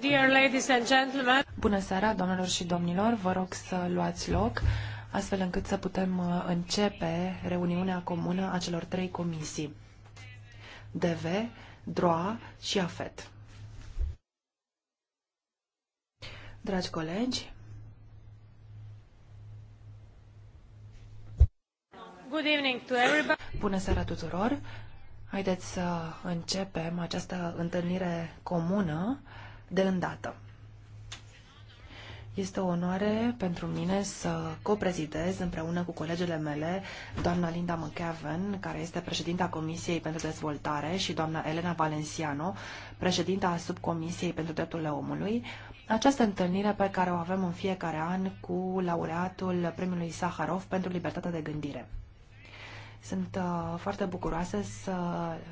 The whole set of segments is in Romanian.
Dear ladies and gentlemen. Bună seara, doamnelor și domnilor, vă rog să luați loc, astfel încât să putem uh, începe reuniunea comună a celor trei comisii, DV, DROA și AFET. Dragi colegi, Good evening to everybody. Bună seara tuturor! Haideți să începem această întâlnire comună de îndată. Este o onoare pentru mine să coprezidez împreună cu colegele mele, doamna Linda McEvan, care este președinta Comisiei pentru Dezvoltare, și doamna Elena Valenciano, președinta subcomisiei pentru drepturile omului, această întâlnire pe care o avem în fiecare an cu laureatul Premiului Saharov pentru libertatea de gândire. Sunt uh, foarte bucuroasă să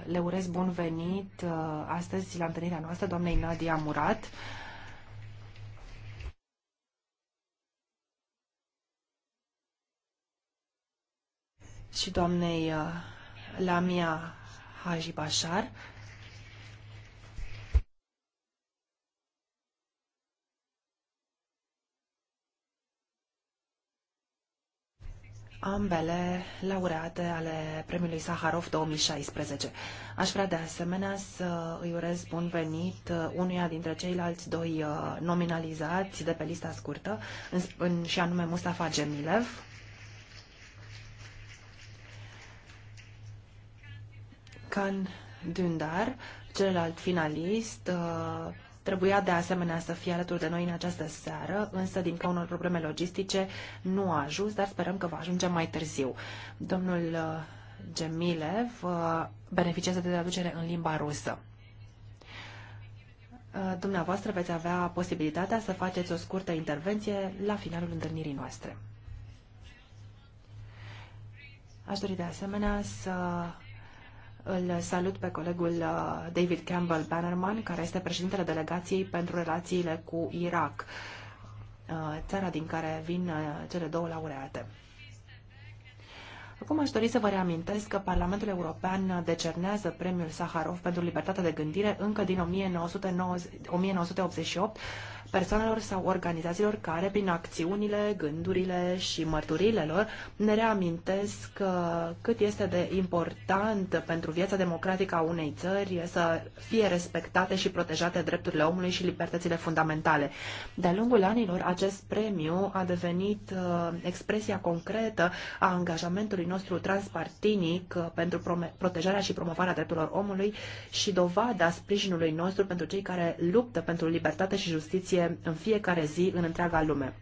le urez bun venit uh, astăzi la întâlnirea noastră doamnei Nadia Murat. și doamnei uh, Lamia Haji Bashar, ambele laureate ale Premiului Saharov 2016. Aș vrea de asemenea să îi urez bun venit unuia dintre ceilalți doi uh, nominalizați de pe lista scurtă, în, în, și anume Mustafa Gemilev, Can Dündar, celălalt finalist, uh, Trebuia de asemenea să fie alături de noi în această seară, însă din cauza unor probleme logistice nu a ajuns, dar sperăm că va ajunge mai târziu. Domnul uh, Gemilev uh, beneficiază de traducere în limba rusă. Uh, dumneavoastră veți avea posibilitatea să faceți o scurtă intervenție la finalul întâlnirii noastre. Aș dori de asemenea să îl salut pe colegul uh, David Campbell Bannerman, care este președintele delegației pentru relațiile cu Irak, uh, țara din care vin uh, cele două laureate. Acum aș dori să vă reamintesc că Parlamentul European decernează premiul Saharov pentru libertatea de gândire încă din 1990, 1988 persoanelor sau organizațiilor care, prin acțiunile, gândurile și mărturile lor, ne reamintesc uh, cât este de important pentru viața democratică a unei țări să fie respectate și protejate drepturile omului și libertățile fundamentale. De-a lungul anilor, acest premiu a devenit uh, expresia concretă a angajamentului nostru transpartinic uh, pentru protejarea și promovarea drepturilor omului și dovada sprijinului nostru pentru cei care luptă pentru libertate și justiție în fiecare zi în întreaga lume.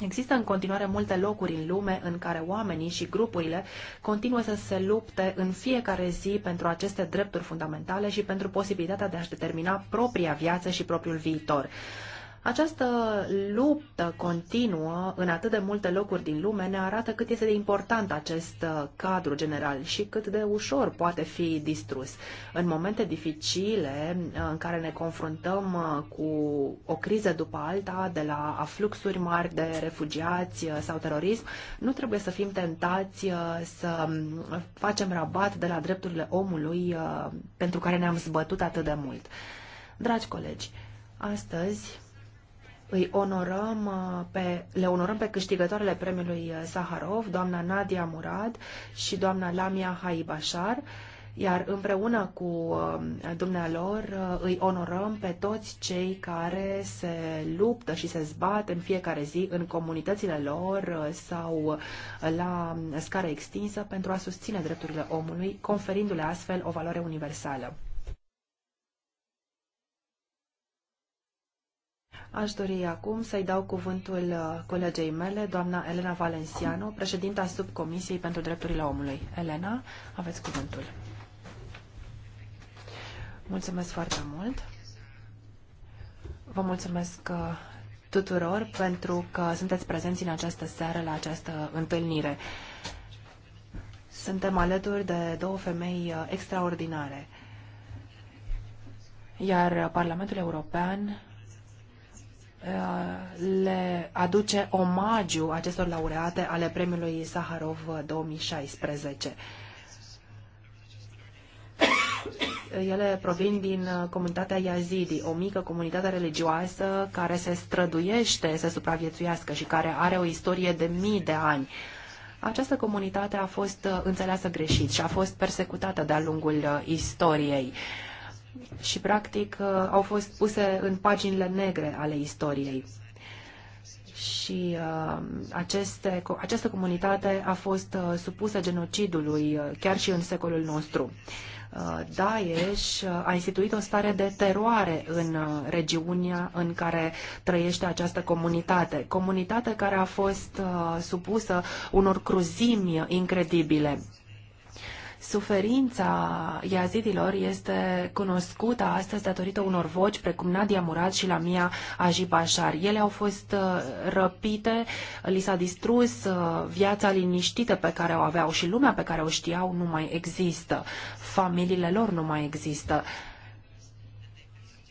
Există în continuare multe locuri în lume în care oamenii și grupurile continuă să se lupte în fiecare zi pentru aceste drepturi fundamentale și pentru posibilitatea de a-și determina propria viață și propriul viitor. Această luptă continuă în atât de multe locuri din lume ne arată cât este de important acest uh, cadru general și cât de ușor poate fi distrus. În momente dificile uh, în care ne confruntăm uh, cu o criză după alta, de la afluxuri mari de refugiați sau terorism, nu trebuie să fim tentați să um, facem rabat de la drepturile omului pentru care ne-am zbătut atât de mult. Dragi colegi, astăzi îi onorăm uh, pe, le onorăm pe câștigătoarele premiului uh, Saharov, doamna Nadia Murad și doamna Lamia Haibashar, iar împreună cu uh, dumnealor îi onorăm pe toți cei care se luptă și se zbat în fiecare zi în comunitățile lor sau la scară extinsă pentru a susține drepturile omului, conferindu-le astfel o valoare universală. Aș dori acum să-i dau cuvântul uh, colegei mele, doamna Elena Valenciano, președinta Subcomisiei pentru Drepturile Omului. Elena, aveți cuvântul. Mulțumesc foarte mult. Vă mulțumesc uh, tuturor pentru că sunteți prezenți în această seară la această întâlnire. Suntem alături de două femei uh, extraordinare. Iar Parlamentul European le aduce omagiu acestor laureate ale premiului Saharov 2016. Ele provin din uh, comunitatea Yazidi, o mică comunitate religioasă care se străduiește să supraviețuiască și care are o istorie de mii de ani. Această comunitate a fost uh, înțeleasă greșit și a fost persecutată de-a lungul uh, istoriei. Uh, și, practic, uh, au fost puse în paginile negre ale istoriei. Și uh, aceste, această comunitate a fost uh, supusă genocidului uh, chiar și în secolul nostru. Uh, Daesh uh, a instituit o stare de teroare în uh, regiunea în care trăiește această comunitate. Comunitate care a fost uh, supusă unor cruzimi incredibile Suferința iazidilor este cunoscută astăzi datorită unor voci precum Nadia Murad și Lamia Ajibașar. Ele au fost uh, răpite, li s-a distrus uh, viața liniștită pe care o aveau și lumea pe care o știau nu mai există. Familiile lor nu mai există.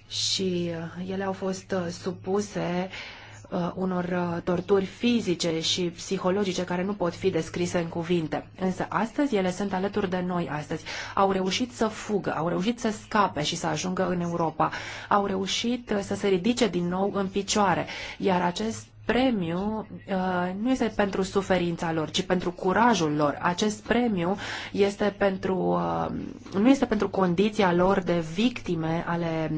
Și uh, ele au fost supuse uh, uh, unor uh, torturi fizice și psihologice care nu pot fi descrise în cuvinte. Însă astăzi ele sunt alături de noi astăzi. Au reușit să fugă, au reușit să scape și să ajungă în Europa. Au reușit uh, să se ridice din nou în picioare, iar acest premiu uh, nu este pentru suferința lor, ci pentru curajul lor. Acest premiu este pentru, uh, nu este pentru condiția lor de victime ale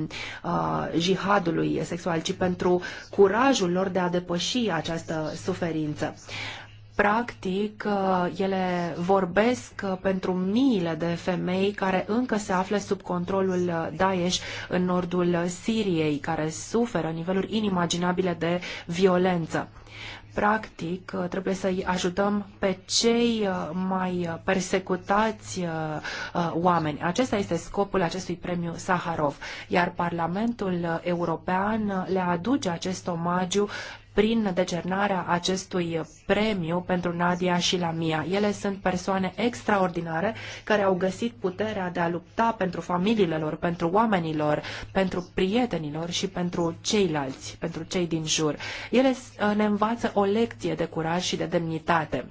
uh, jihadului sexual, ci pentru curajul lor de a depăși această suferință practic, uh, ele vorbesc uh, pentru miile de femei care încă se află sub controlul uh, Daesh în nordul Siriei, care suferă niveluri inimaginabile de violență. Practic, trebuie să-i ajutăm pe cei mai persecutați oameni. Acesta este scopul acestui premiu Saharov, iar Parlamentul European le aduce acest omagiu prin decernarea acestui premiu pentru Nadia și la mia, Ele sunt persoane extraordinare care au găsit puterea de a lupta pentru familiile lor, pentru oamenilor, pentru prietenilor și pentru ceilalți, pentru cei din jur. Ele uh, ne învață o lecție de curaj și de demnitate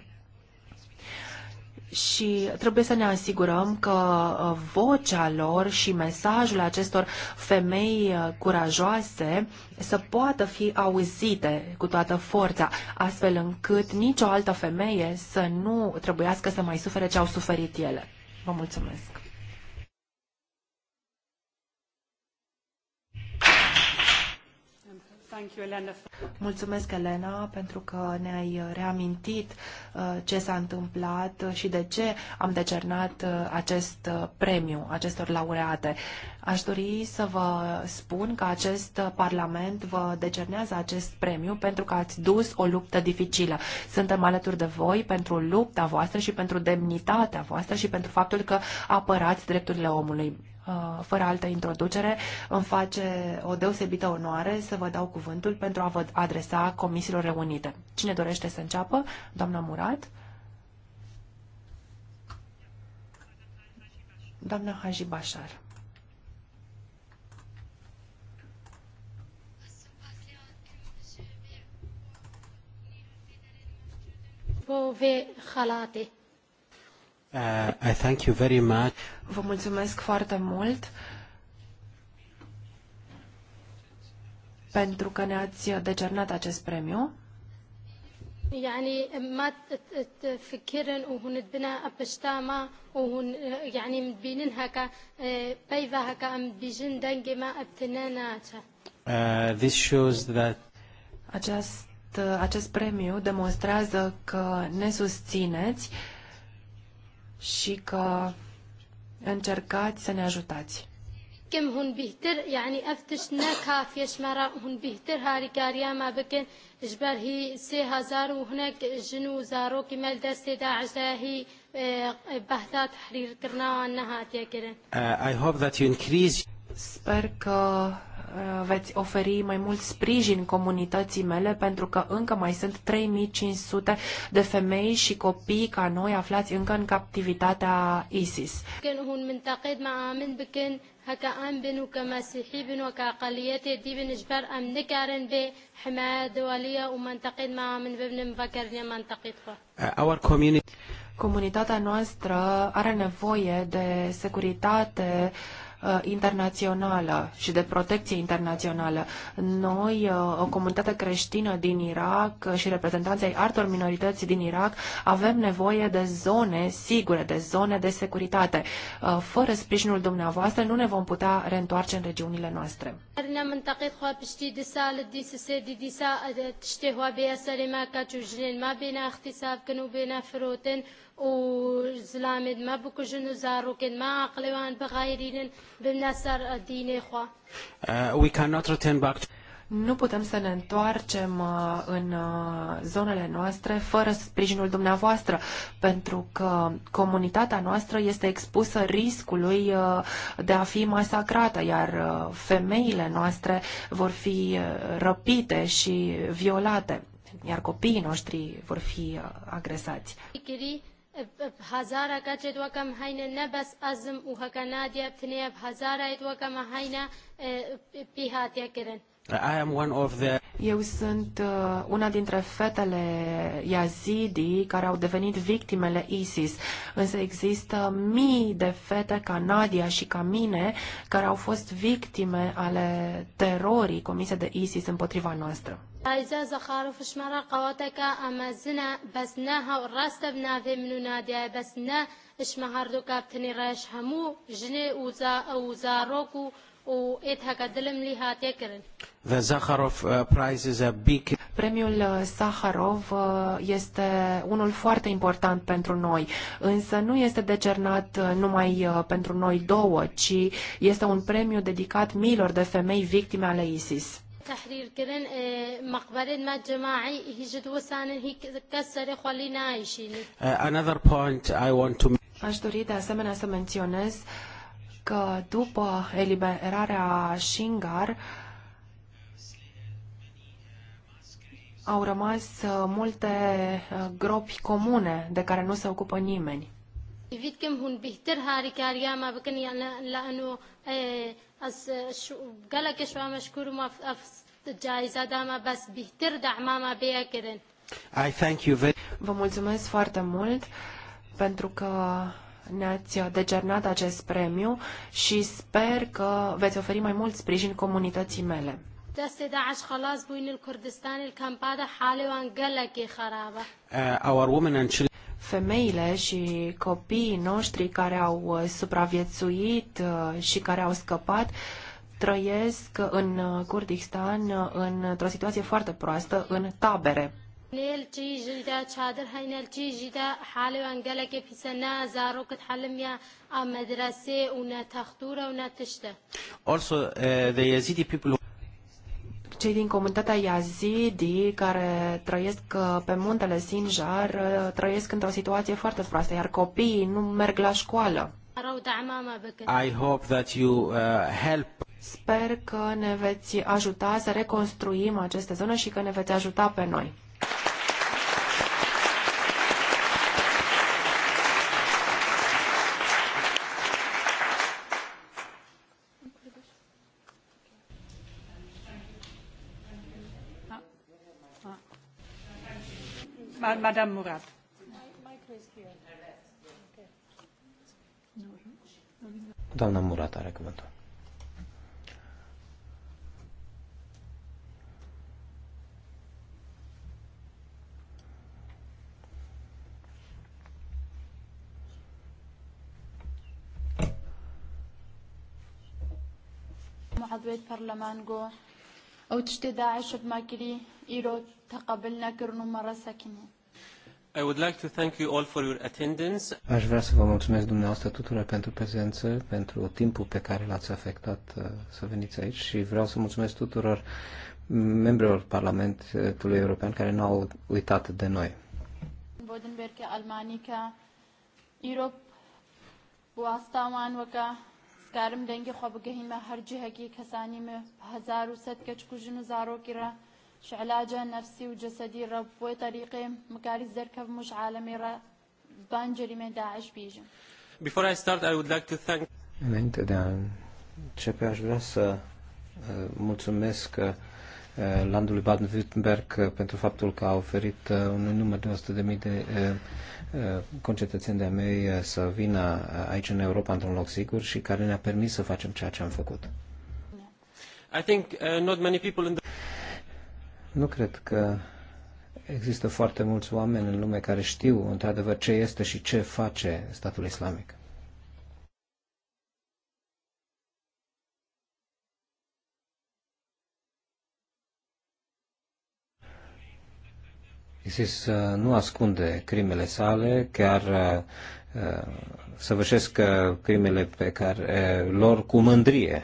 și trebuie să ne asigurăm că uh, vocea lor și mesajul acestor femei uh, curajoase să poată fi auzite cu toată forța, astfel încât nicio altă femeie să nu trebuiască să mai sufere ce au suferit ele. Vă mulțumesc! Mulțumesc, Elena, pentru că ne-ai reamintit uh, ce s-a întâmplat și de ce am decernat uh, acest uh, premiu acestor laureate. Aș dori să vă spun că acest Parlament vă decernează acest premiu pentru că ați dus o luptă dificilă. Suntem alături de voi pentru lupta voastră și pentru demnitatea voastră și pentru faptul că apărați drepturile omului Uh, fără altă introducere, îmi face o deosebită onoare să vă dau cuvântul pentru a vă adresa Comisiilor Reunite. Cine dorește să înceapă? Doamna Murat? Doamna Haji Bashar. pove halate. Uh, I thank you very much. Vă mulțumesc foarte mult pentru că ne-ați decernat acest premiu. يعني ما تفكرن وهن بنا وهن يعني هكا هكا بيجن دنجي ما uh, This shows that acest, acest premiu demonstrează că ne susțineți uh, și că încercați să ne ajutați. كم هون بيهتر يعني افتشنا كافيش مرا هون بيهتر هاري كاريا ما بكن جبر هي سي هزار وهناك جنو زارو كما دستي داعش هي بهتا تحرير كرنا وانها تيكرن I hope that you increase Sper că Uh, veți oferi mai mult sprijin comunității mele pentru că încă mai sunt 3500 de femei și copii ca noi aflați încă în captivitatea ISIS. Uh, our community. Comunitatea noastră are nevoie de securitate uh, Uh, internațională și de protecție internațională. Noi, uh, o comunitate creștină din Irak și reprezentanții altor minorități din Irak, avem nevoie de zone sigure, de zone de securitate. Uh, fără sprijinul dumneavoastră nu ne vom putea reîntoarce în regiunile noastre. زلامد ما زارو کن ما عقلوان بغايرين بالنسر دین خوا uh, We cannot return back to nu putem să ne întoarcem uh, în uh, zonele noastre fără sprijinul dumneavoastră, pentru că comunitatea noastră este expusă riscului de a fi masacrată, iar femeile noastre vor fi răpite și violate, iar copiii noștri vor fi agresați. هزاره هزارە کاتێت وەکەم هەینە نەبەس ئەزم و هەکە نادیە بتنێ هزارایت وەکەمە هەینە کرن I am one of the... Eu sunt uh, una dintre fetele Yazidi care au devenit victimele ISIS, însă există mii de fete ca Nadia și ca mine care au fost victime ale terorii comise de ISIS împotriva noastră. زخارف قواتك بنافي من ريش همو جني The Zakharov uh, Prize is a big... Premiul Saharov uh, uh, este unul foarte important pentru noi, însă nu este decernat numai pentru noi două, ci este un premiu dedicat miilor de femei victime ale ISIS. Another point I want to. Aș dori de asemenea să menționez uh, că după eliberarea Shingar au rămas uh, multe uh, gropi comune de care nu se ocupă nimeni. Vă mulțumesc foarte mult pentru că ne-ați decernat acest premiu și sper că veți oferi mai mult sprijin comunității mele. Uh, our women and children femeile și copiii noștri care au uh, supraviețuit uh, și care au scăpat trăiesc în Kurdistan într-o situație foarte proastă, în tabere. نیل چی ژیدا چادر نیل چی ژیدا حالێوان گەلێکی پیسە نازارۆکت آم مدرسه و نەتەختورە و نەتشتە. Also, eh, the Yazidi people cei din comunitatea Yazidi care trăiesc eh, pe muntele Sinjar eh, trăiesc într-o situație foarte proastă, iar copiii nu merg la școală. I hope that you uh, help Sper că ne veți ajuta să reconstruim aceste zone și că ne veți ajuta pe noi. Madame Murat. Doamna Murat are cuvântul. عضوية برلمان جو أو تشتي داعش بماكري إيرو تقبلنا كرنو مرة ساكنين I would like to thank you all for your attendance. Aș vrea să vă mulțumesc dumneavoastră tuturor pentru prezență, pentru timpul pe care l-ați afectat uh, să veniți aici și vreau să mulțumesc tuturor membrilor Parlamentului European care nu au uitat de noi. Bodenberg, Almanica, Europe, Boastaman, Waka, Scarim, Dengi, Khobugahin, Harji, Hagi, Kasani, Hazar, Uset, Kachkujin, Zarokira, شعلاجة نفسي وجسدي رب وطريقي مكاري الزركب مش عالمي را بانجري من داعش بيجي Before I start, I would like to thank... Înainte de a începe, aș vrea să uh, mulțumesc uh, landului Baden-Württemberg uh, pentru faptul că a oferit un număr de 100.000 de concetățeni de-a mei să vină aici în Europa într-un loc sigur și care ne-a permis să facem ceea ce am făcut. I think, uh, not many people in the... Nu cred că există foarte mulți oameni în lume care știu într-adevăr ce este și ce face statul islamic. ISIS uh, nu ascunde crimele sale, chiar uh, uh, să vășesc crimele pe care lor cu mândrie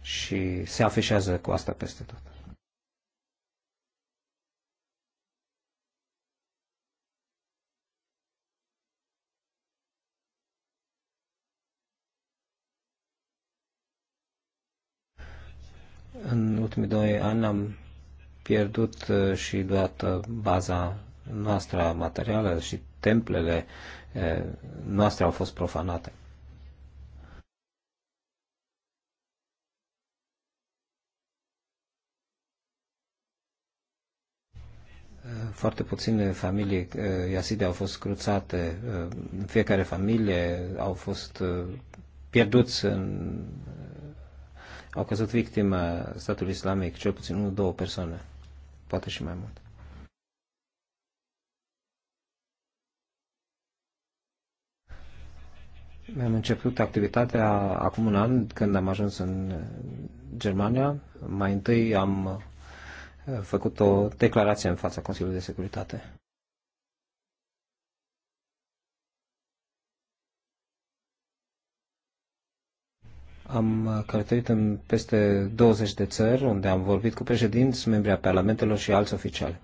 și se afișează cu asta peste tot. ultimii doi ani am pierdut uh, și toată uh, baza noastră materială și templele uh, noastre au fost profanate. Foarte puține familii Iaside au fost cruțate, fiecare familie au fost pierduți în au căzut victime statului islamic, cel puțin unul, două persoane, poate și mai mult. Mi-am început activitatea acum un an, când am ajuns în Germania. Mai întâi am făcut o declarație în fața Consiliului de Securitate. Am uh, călătorit în peste 20 de țări unde am vorbit cu președinți, membri a parlamentelor și alți oficiali.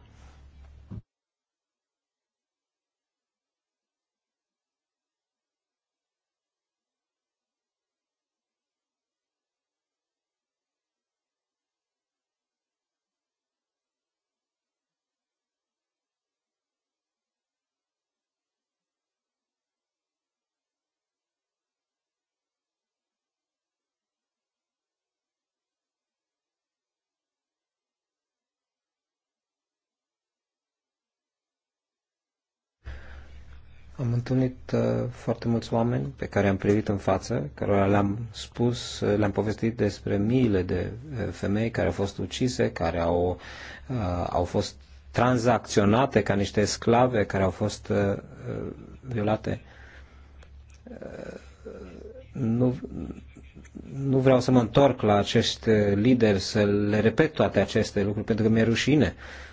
Am întâlnit uh, foarte mulți oameni pe care am privit în față, cărora le-am spus, uh, le-am povestit despre miile de uh, femei care au fost ucise, care au, au fost tranzacționate ca niște sclave, care au fost violate. Nu, nu vreau să mă întorc la acești lideri, să le repet toate aceste lucruri, pentru că mi-e rușine. Uh,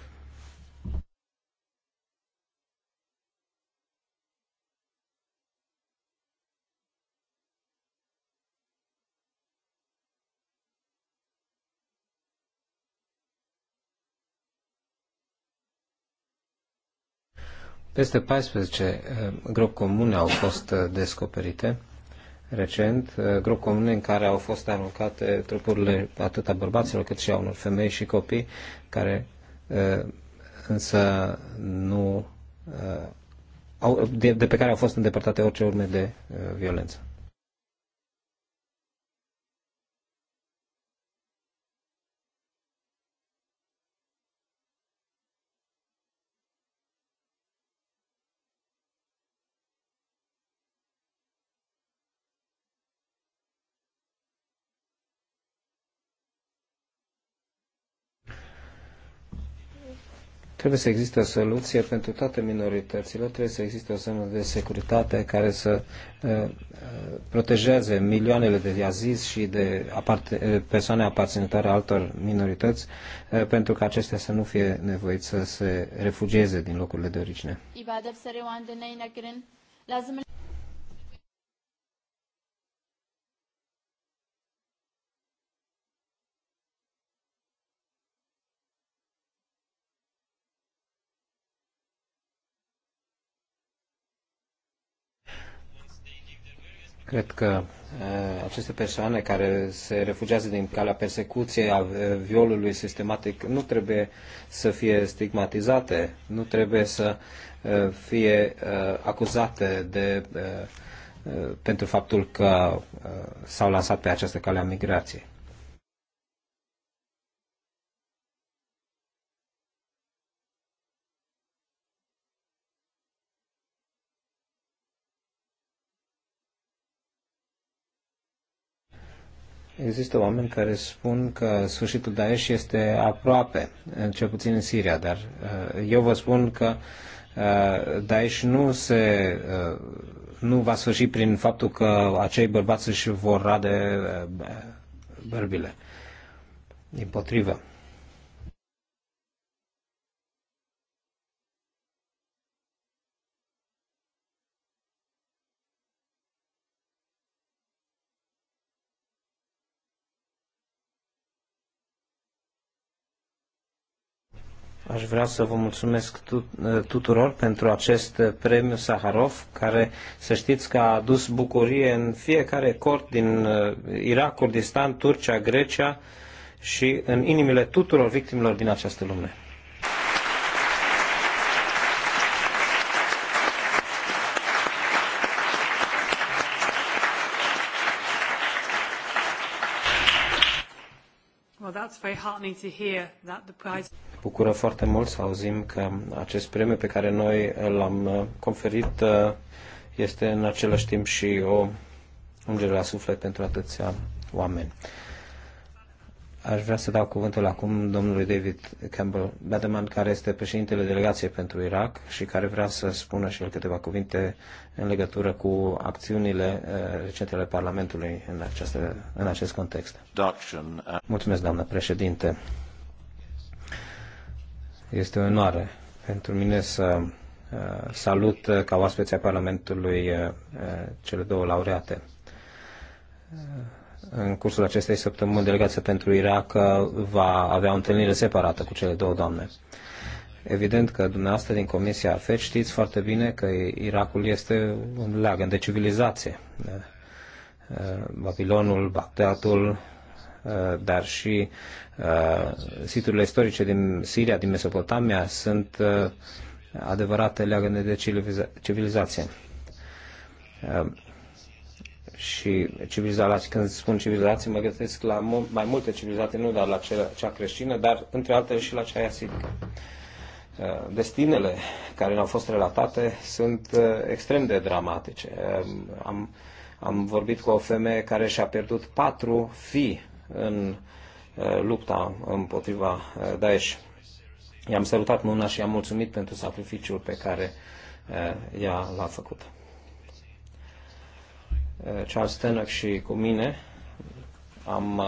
Peste 14 eh, gropi comune au fost eh, descoperite recent, eh, gropi comune în care au fost aruncate trupurile atât a bărbaților cât și a unor femei și copii, care însă nu au, de pe care au fost îndepărtate orice urme de violență. Trebuie să existe o soluție pentru toate minoritățile, trebuie să existe o zonă de securitate care să uh, uh protejeze milioanele de aziz și de aparte, uh, persoane aparținătoare altor minorități, uh, pentru că acestea să nu fie nevoiți să se refugieze din locurile de origine. Cred că uh, aceste persoane care se refugiază din calea persecuției, a uh, violului sistematic, nu trebuie să fie stigmatizate, nu trebuie să uh, fie acuzate de, pentru faptul că s-au lansat pe această cale a migrației. Există oameni care spun că sfârșitul Daesh este aproape, cel puțin în Siria, dar uh, eu vă spun că uh, Daesh nu se uh, nu va sfârși prin faptul că acei bărbați își vor rade bărbile. Din potrivă. Aș vrea să vă mulțumesc eh, tuturor pentru acest eh, premiu Saharov, care să știți că a adus bucurie în fiecare cort din eh, Irak, Kurdistan, Turcia, Grecia și în inimile tuturor victimelor din această lume. Bucură foarte mult să auzim că acest premiu pe care noi l-am uh, conferit uh, este în același timp și o ungere a suflet pentru atâția oameni. Aș vrea să dau cuvântul acum domnului David Campbell Bedeman care este președintele delegației pentru Irak și care vrea să spună și el câteva cuvinte în legătură cu acțiunile eh, recentele Parlamentului în, această, în acest context. Mulțumesc, doamnă președinte. Este o onoare pentru mine să eh, salut eh, ca oaspeția Parlamentului cele două laureate în cursul acestei săptămâni, delegația pentru Irak uh, va avea o întâlnire separată cu cele două doamne. Evident că dumneavoastră din Comisia AFET știți foarte bine că Irakul este un leagăn de civilizație. Uh, Babilonul, Bagdadul, uh, dar și siturile istorice din Siria, din Mesopotamia sunt adevărate leagăne de civilizație și civilizații, când spun civilizații, mă gândesc la mai multe civilizații, nu doar la cea, cea creștină, dar între altele și la cea asiatică. Uh, destinele care ne-au fost relatate sunt uh, extrem de dramatice. Um, am, am vorbit cu o femeie care și-a pierdut patru fii în uh, lupta împotriva Daesh. I-am salutat mâna și i-am mulțumit pentru sacrificiul pe care ea l-a făcut. Eh, Charles Stenock și cu mine am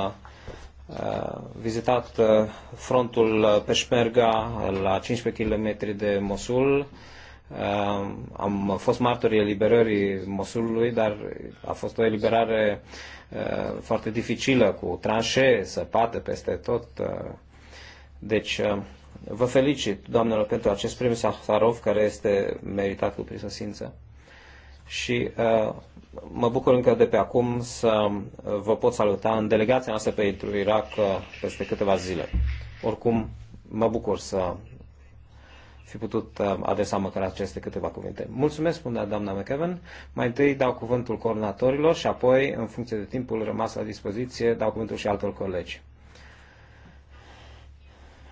eh, eh, vizitat frontul Peșmerga la 15 km de Mosul. Am fost martori eliberării Mosulului, dar a fost o eliberare foarte dificilă, cu tranșee săpate peste tot. Deci, vă felicit, doamnelor, pentru acest premiu Saharov, care este meritat cu prisosință și uh, mă bucur încă de pe acum să uh, vă pot saluta în delegația noastră pentru Irak uh, peste câteva zile. Oricum, mă bucur să fi putut adresa măcar aceste câteva cuvinte. Mulțumesc, spunea doamna McEwen. Mai întâi dau cuvântul coordonatorilor și apoi, în funcție de timpul rămas la dispoziție, dau cuvântul și altor colegi.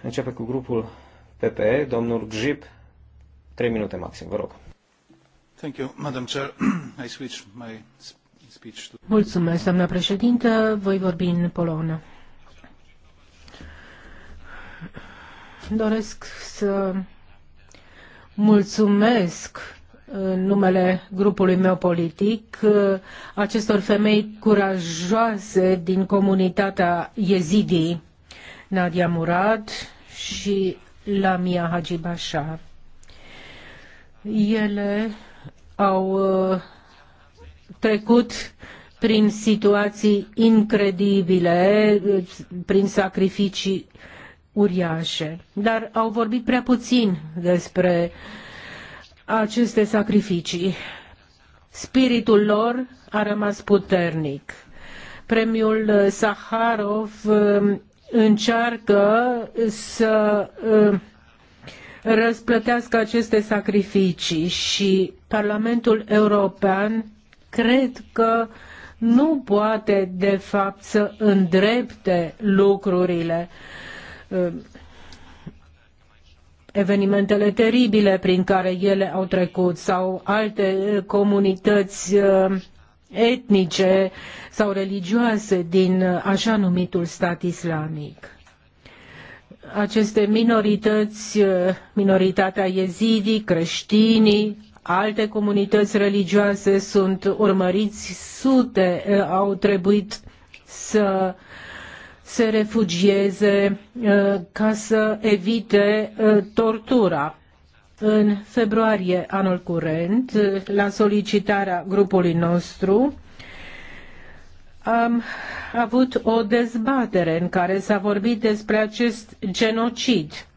Începe cu grupul PPE, domnul Gjip, 3 minute maxim, vă rog. Thank you, Madam Chair. Mulțumesc, doamna președintă. Voi vorbi în polonă. Doresc să mulțumesc în numele grupului meu politic uh, acestor femei curajoase din comunitatea Yezidii, Nadia Murad și Lamia Hagibasha. Ele au uh, trecut prin situații incredibile, uh, prin sacrificii uriașe. Dar au vorbit prea puțin despre aceste sacrificii. Spiritul lor a rămas puternic. Premiul uh, Saharov încearcă să răsplătească aceste sacrificii și Parlamentul European cred că nu poate, de fapt, să îndrepte lucrurile. Evenimentele teribile prin care ele au trecut sau alte eh, comunități eh, etnice sau religioase din eh, așa numitul stat islamic aceste minorități, minoritatea yezidii, creștinii, alte comunități religioase sunt urmăriți, sute eh, au trebuit să se refugieze eh, ca să evite eh, tortura. În februarie anul curent, la solicitarea grupului nostru, am avut o dezbatere în care s-a vorbit despre acest genocid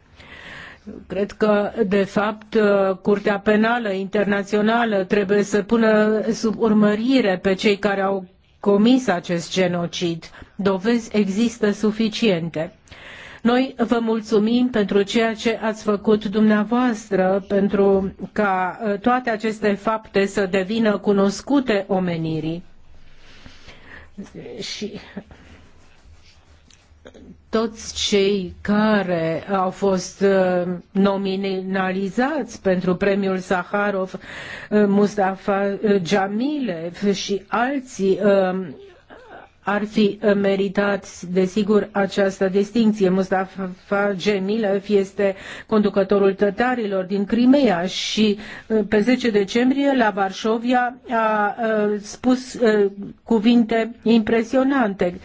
Cred că, de fapt, Curtea Penală Internațională trebuie să pună sub urmărire pe cei care au comis acest genocid. Dovezi există suficiente. Noi vă mulțumim pentru ceea ce ați făcut dumneavoastră pentru ca uh, toate aceste fapte să devină cunoscute omenirii. Și toți cei care au fost uh, nominalizați pentru premiul Saharov, uh, Mustafa uh, Jamilev și alții ar fi meritat, desigur, această distinție. Mustafa Gemilev este conducătorul tătarilor din Crimea și pe 10 decembrie la Varșovia a spus cuvinte impresionante.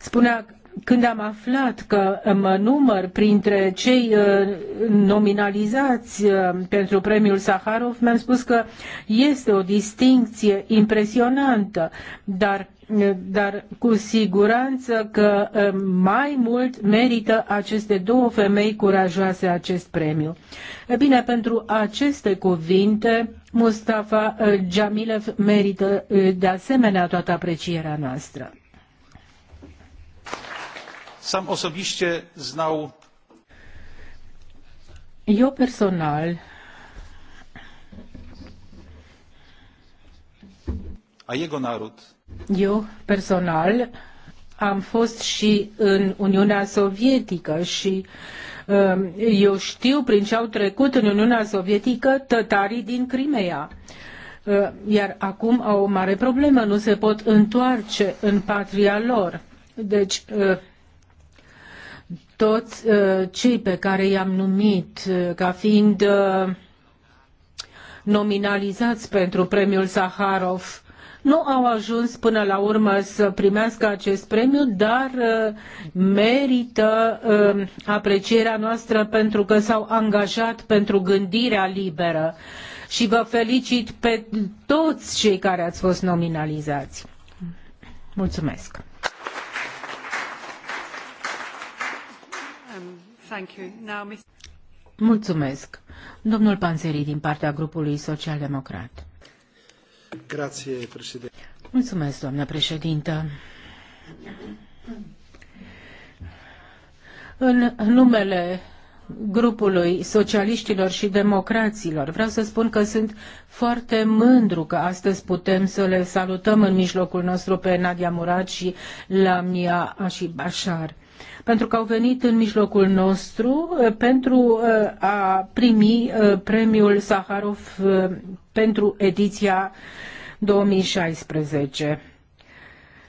Spunea când am aflat că uh, mă număr printre cei uh, nominalizați uh, pentru premiul Saharov, mi-am spus că este o distincție impresionantă, dar dar cu siguranță că mai mult merită aceste două femei curajoase acest premiu. E bine, pentru aceste cuvinte, Mustafa Jamilev merită de asemenea toată aprecierea noastră. Sam osobiście znał. Eu personal. A jego naród. Eu personal am fost și în Uniunea Sovietică și um, eu știu prin ce au trecut în Uniunea Sovietică tătarii din Crimea. Uh, iar acum au o mare problemă, nu se pot întoarce în patria lor. Deci uh, toți uh, cei pe care i-am numit uh, ca fiind uh, nominalizați pentru premiul Saharov nu au ajuns până la urmă să primească acest premiu, dar merită um, aprecierea noastră pentru că s-au angajat pentru gândirea liberă și vă felicit pe toți cei care ați fost nominalizați. Mulțumesc! Mulțumesc. Domnul Panzeri din partea grupului social-democrat. Grație, președinte. Mulțumesc, doamnă președintă. În numele grupului socialiștilor și democraților. Vreau să spun că sunt foarte mândru că astăzi putem să le salutăm în mijlocul nostru pe Nadia Murad și Lamia și Bashar pentru că au venit în mijlocul nostru uh, pentru uh, a primi uh, premiul Saharov pentru ediția 2016.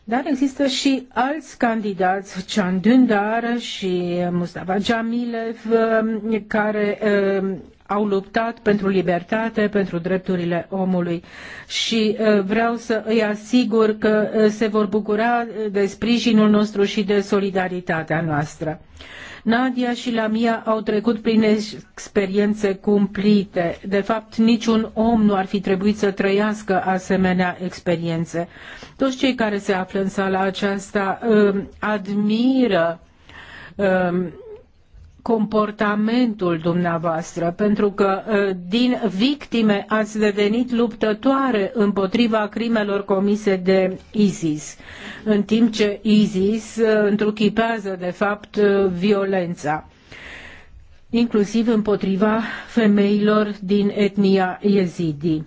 Dar există și alți candidați, Chan Dündar și Mustafa Jamilev, care au luptat pentru libertate, pentru drepturile omului și uh, vreau să îi asigur că uh, se vor bucura uh, de sprijinul nostru și de solidaritatea noastră. Nadia și Lamia au trecut prin experiențe cumplite. De fapt, niciun om nu ar fi trebuit să trăiască asemenea experiențe. Toți cei care se află în sala aceasta um, admiră um, comportamentul dumneavoastră, pentru că ă, din victime ați devenit luptătoare împotriva crimelor comise de ISIS, în timp ce ISIS ă, întruchipează, de fapt, ă, violența inclusiv împotriva femeilor din etnia yezidi.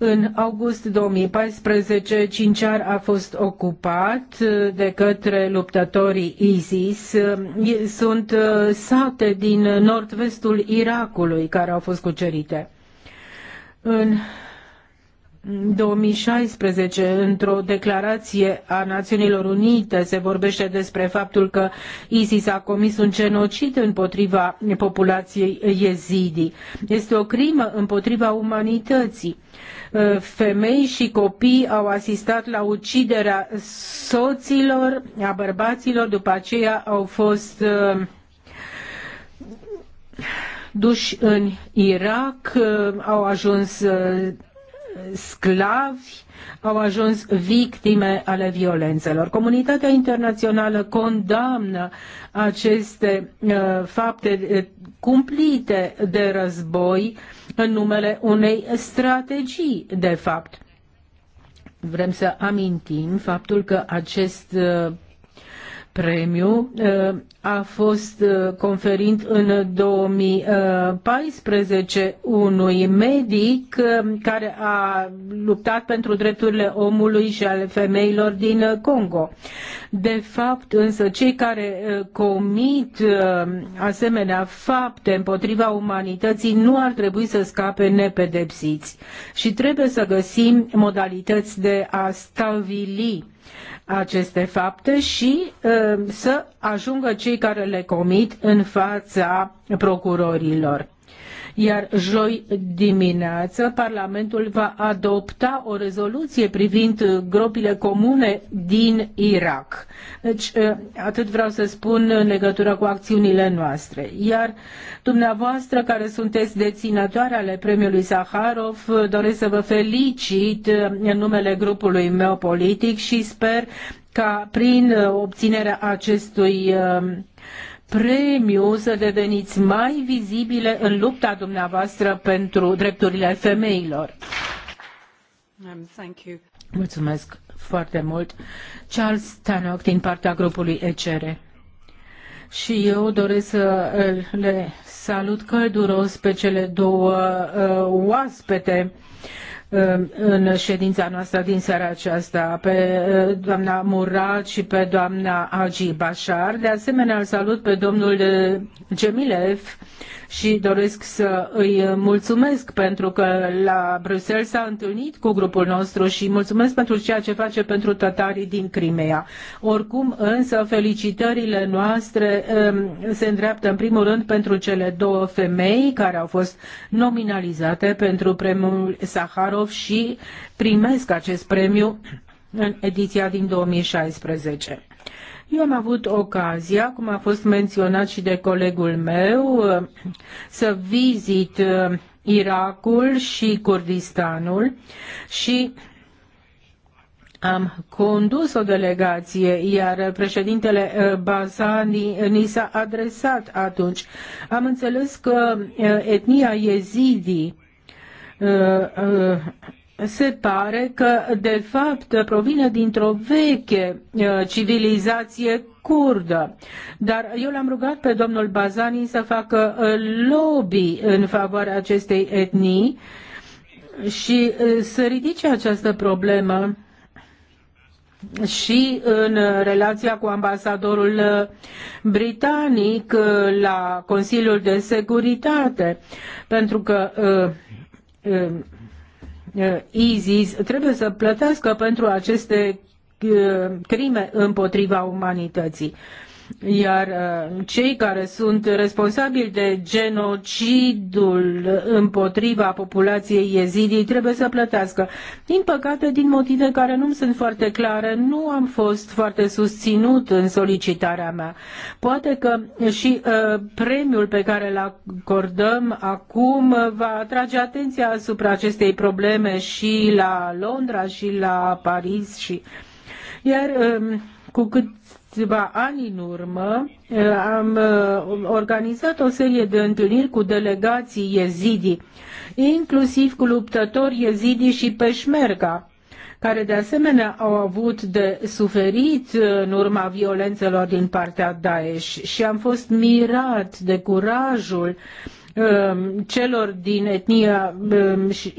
În august 2014, Cinciar a fost ocupat de către luptătorii ISIS. Sunt sate din nord-vestul Irakului care au fost cucerite. În 2016, într-o declarație a Națiunilor Unite, se vorbește despre faptul că ISIS a comis un genocid împotriva populației yezidi. Este o crimă împotriva umanității. Uh, femei și copii au asistat la uciderea soților, a bărbaților, după aceea au fost uh, duși în Irak, uh, au ajuns sclavi, au ajuns victime ale violențelor. Comunitatea internațională condamnă aceste fapte cumplite de război în numele unei strategii, de fapt. Vrem să amintim faptul că acest uh, premiu uh, a fost uh, conferind în 2014 unui medic uh, care a luptat pentru drepturile omului și ale femeilor din Congo. De fapt, însă, cei care comit asemenea fapte împotriva umanității nu ar trebui să scape nepedepsiți și trebuie să găsim modalități de a stabili aceste fapte și uh, să ajungă cei care le comit în fața procurorilor iar joi dimineață Parlamentul va adopta o rezoluție privind uh, gropile comune din Irak. Deci, uh, atât vreau să spun în legătură cu acțiunile noastre. Iar dumneavoastră, care sunteți deținătoare ale premiului Saharov, uh, doresc să vă felicit în numele grupului meu politic și sper ca prin obținerea acestui premiu să deveniți mai vizibile în lupta dumneavoastră pentru drepturile femeilor. Um, thank you. Mulțumesc foarte mult. Charles Tannock din partea grupului ECR. Și eu doresc să le salut călduros pe cele două uh, oaspete Um, în ședința noastră din seara aceasta pe uh, doamna Murat și pe doamna Agi Bașar. De asemenea, îl salut pe domnul Gemilev, uh, și doresc să îi mulțumesc pentru că la Bruxelles s-a întâlnit cu grupul nostru și mulțumesc pentru ceea ce face pentru tătarii din Crimea. Oricum, însă, felicitările noastre um, se îndreaptă în primul rând pentru cele două femei care au fost nominalizate pentru premiul Saharov și primesc acest premiu în ediția din 2016. Eu am avut ocazia, cum a fost menționat și de colegul meu, să vizit uh, Irakul și Kurdistanul și am condus o delegație, iar președintele uh, Bazani ni s-a adresat atunci. Am înțeles că uh, etnia Yezidi se pare că, de fapt, provine dintr-o veche uh, civilizație curdă. Dar eu l-am rugat pe domnul Bazani să facă uh, lobby în favoarea acestei etnii și uh, să ridice această problemă și în relația cu ambasadorul britanic la Consiliul de Securitate, pentru că Uh, ISIS trebuie să plătească pentru aceste uh, crime împotriva umanității. Iar uh, cei care sunt responsabili de genocidul împotriva populației yezidii trebuie să plătească. Din păcate, din motive care nu sunt foarte clare, nu am fost foarte susținut în solicitarea mea. Poate că și uh, premiul pe care îl acordăm acum va atrage atenția asupra acestei probleme și la Londra și la Paris și iar um, cu cât câțiva ani în urmă eh, am eh, organizat o serie de întâlniri cu delegații yezidi, inclusiv cu luptători yezidi și peșmerga care de asemenea au avut de suferit în urma violențelor din partea Daesh și am fost mirat de curajul eh, celor din etnia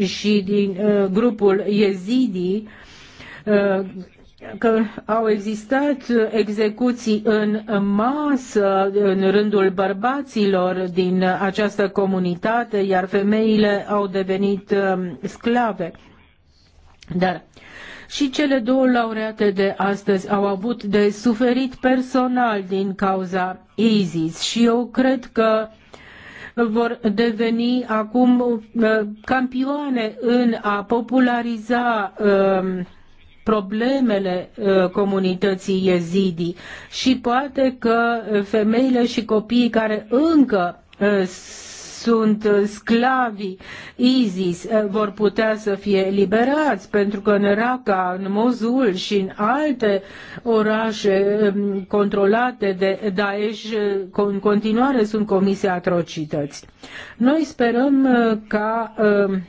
și din grupul Yezidi că au existat execuții în masă în rândul bărbaților din această comunitate, iar femeile au devenit um, sclave. Dar și cele două laureate de astăzi au avut de suferit personal din cauza ISIS și eu cred că vor deveni acum uh, campioane în a populariza uh, problemele uh, comunității Yezidi și poate că uh, femeile și copiii care încă uh, sunt sclavii ISIS vor putea să fie eliberați, pentru că în Raqqa, în Mosul și în alte orașe um, controlate de Daesh, în continuare sunt comise atrocități. Noi sperăm ca um,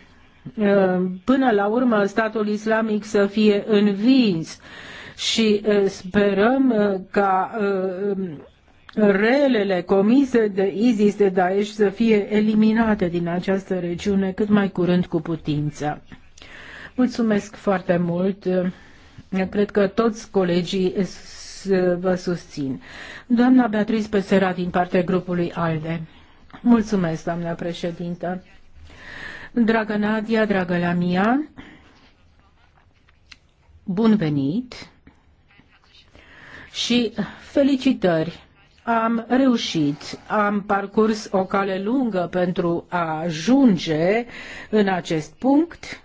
Uh, până la urmă statul islamic să fie învins și uh, sperăm uh, ca relele comise de ISIS de Daesh să fie eliminate din această regiune cât mai curând cu putință. Mulțumesc foarte mult. Cred că toți colegii vă susțin. Doamna Beatrice Pesera din partea grupului ALDE. Mulțumesc, doamna președintă. Dragă Nadia, dragă la mia, bun venit și felicitări! Am reușit, am parcurs o cale lungă pentru a ajunge în acest punct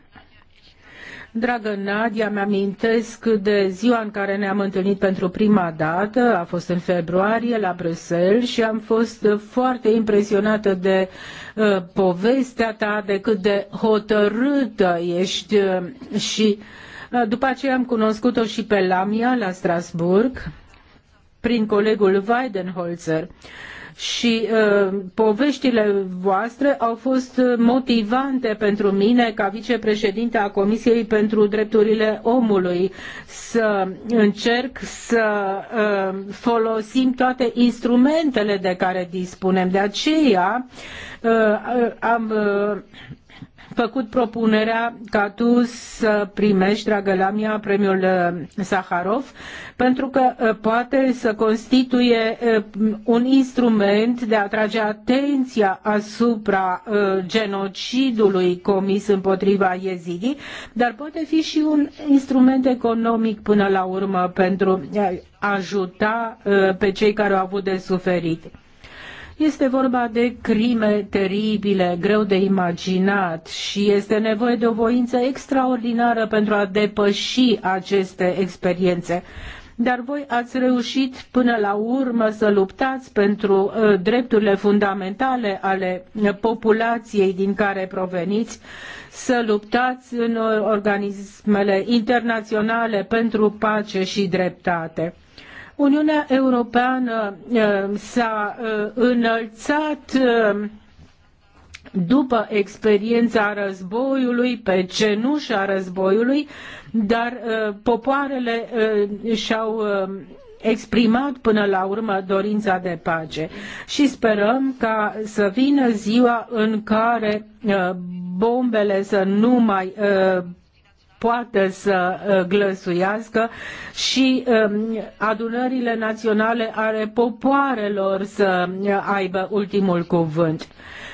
Dragă Nadia, mi-amintesc de ziua în care ne-am întâlnit pentru prima dată, a fost în februarie la Bruxelles și am fost uh, foarte impresionată de uh, povestea ta, de cât de hotărâtă ești uh, și uh, după aceea am cunoscut-o și pe Lamia la Strasburg prin colegul Weidenholzer. Uh, și uh, poveștile voastre au fost uh, motivante pentru mine ca vicepreședinte a Comisiei pentru Drepturile Omului să încerc să uh, folosim toate instrumentele de care dispunem. De aceea uh, am uh, făcut propunerea ca tu să primești, dragă Lamia, premiul uh, Saharov, pentru că uh, poate să constituie uh, un instrument de a atrage atenția asupra genocidului comis împotriva yezidii, dar poate fi și un instrument economic până la urmă pentru a ajuta pe cei care au avut de suferit. Este vorba de crime teribile, greu de imaginat și este nevoie de o voință extraordinară pentru a depăși aceste experiențe dar voi ați reușit până la urmă să luptați pentru uh, drepturile fundamentale ale uh, populației din care proveniți, să luptați în uh, organismele internaționale pentru pace și dreptate. Uniunea Europeană eh, s-a eh, înălțat eh, după experiența războiului, pe cenușa războiului, dar popoarele și-au exprimat până la urmă dorința de pace și sperăm ca să vină ziua în care bombele să nu mai poată să uh, glăsuiască și um, adunările naționale ale popoarelor să uh, aibă ultimul cuvânt.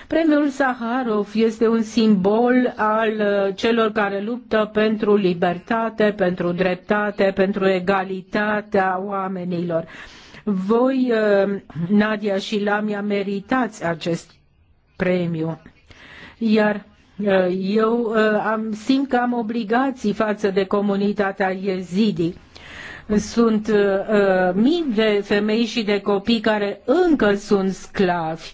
Premiul Saharov este un simbol al uh, celor care luptă pentru libertate, pentru dreptate, pentru egalitatea oamenilor. Voi, Nadia și Lamia, meritați acest premiu. Iar Eh, eu eh, am, simt că am obligații față de comunitatea Yezidi. Sunt uh, mii de femei și de copii care încă sunt sclavi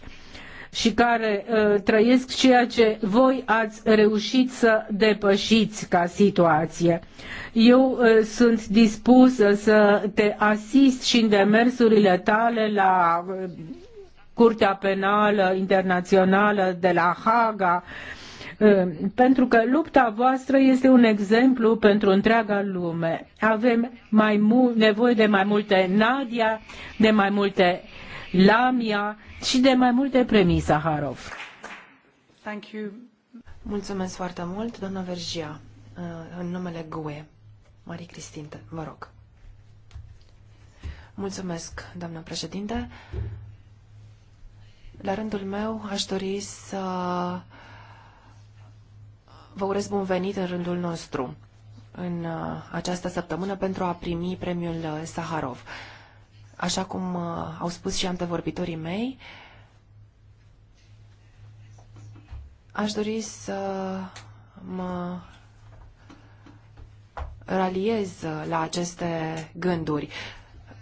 și care uh, trăiesc ceea ce voi ați reușit să depășiți ca situație. Eu uh, sunt dispusă să te asist și în demersurile tale la Curtea Penală Internațională de la Haga, Uh, pentru că lupta voastră este un exemplu pentru întreaga lume. Avem mai mult, nevoie de mai multe Nadia, de mai multe Lamia și de mai multe premii Saharov. Thank you. Mulțumesc foarte mult, doamna Vergia, uh, în numele GUE. Marie Cristinte, vă rog. Mulțumesc, doamna președinte. La rândul meu aș dori să Vă urez bun venit în rândul nostru în uh, această săptămână pentru a primi premiul uh, Saharov. Așa cum uh, au spus și antevorbitorii mei, aș dori să mă raliez la aceste gânduri.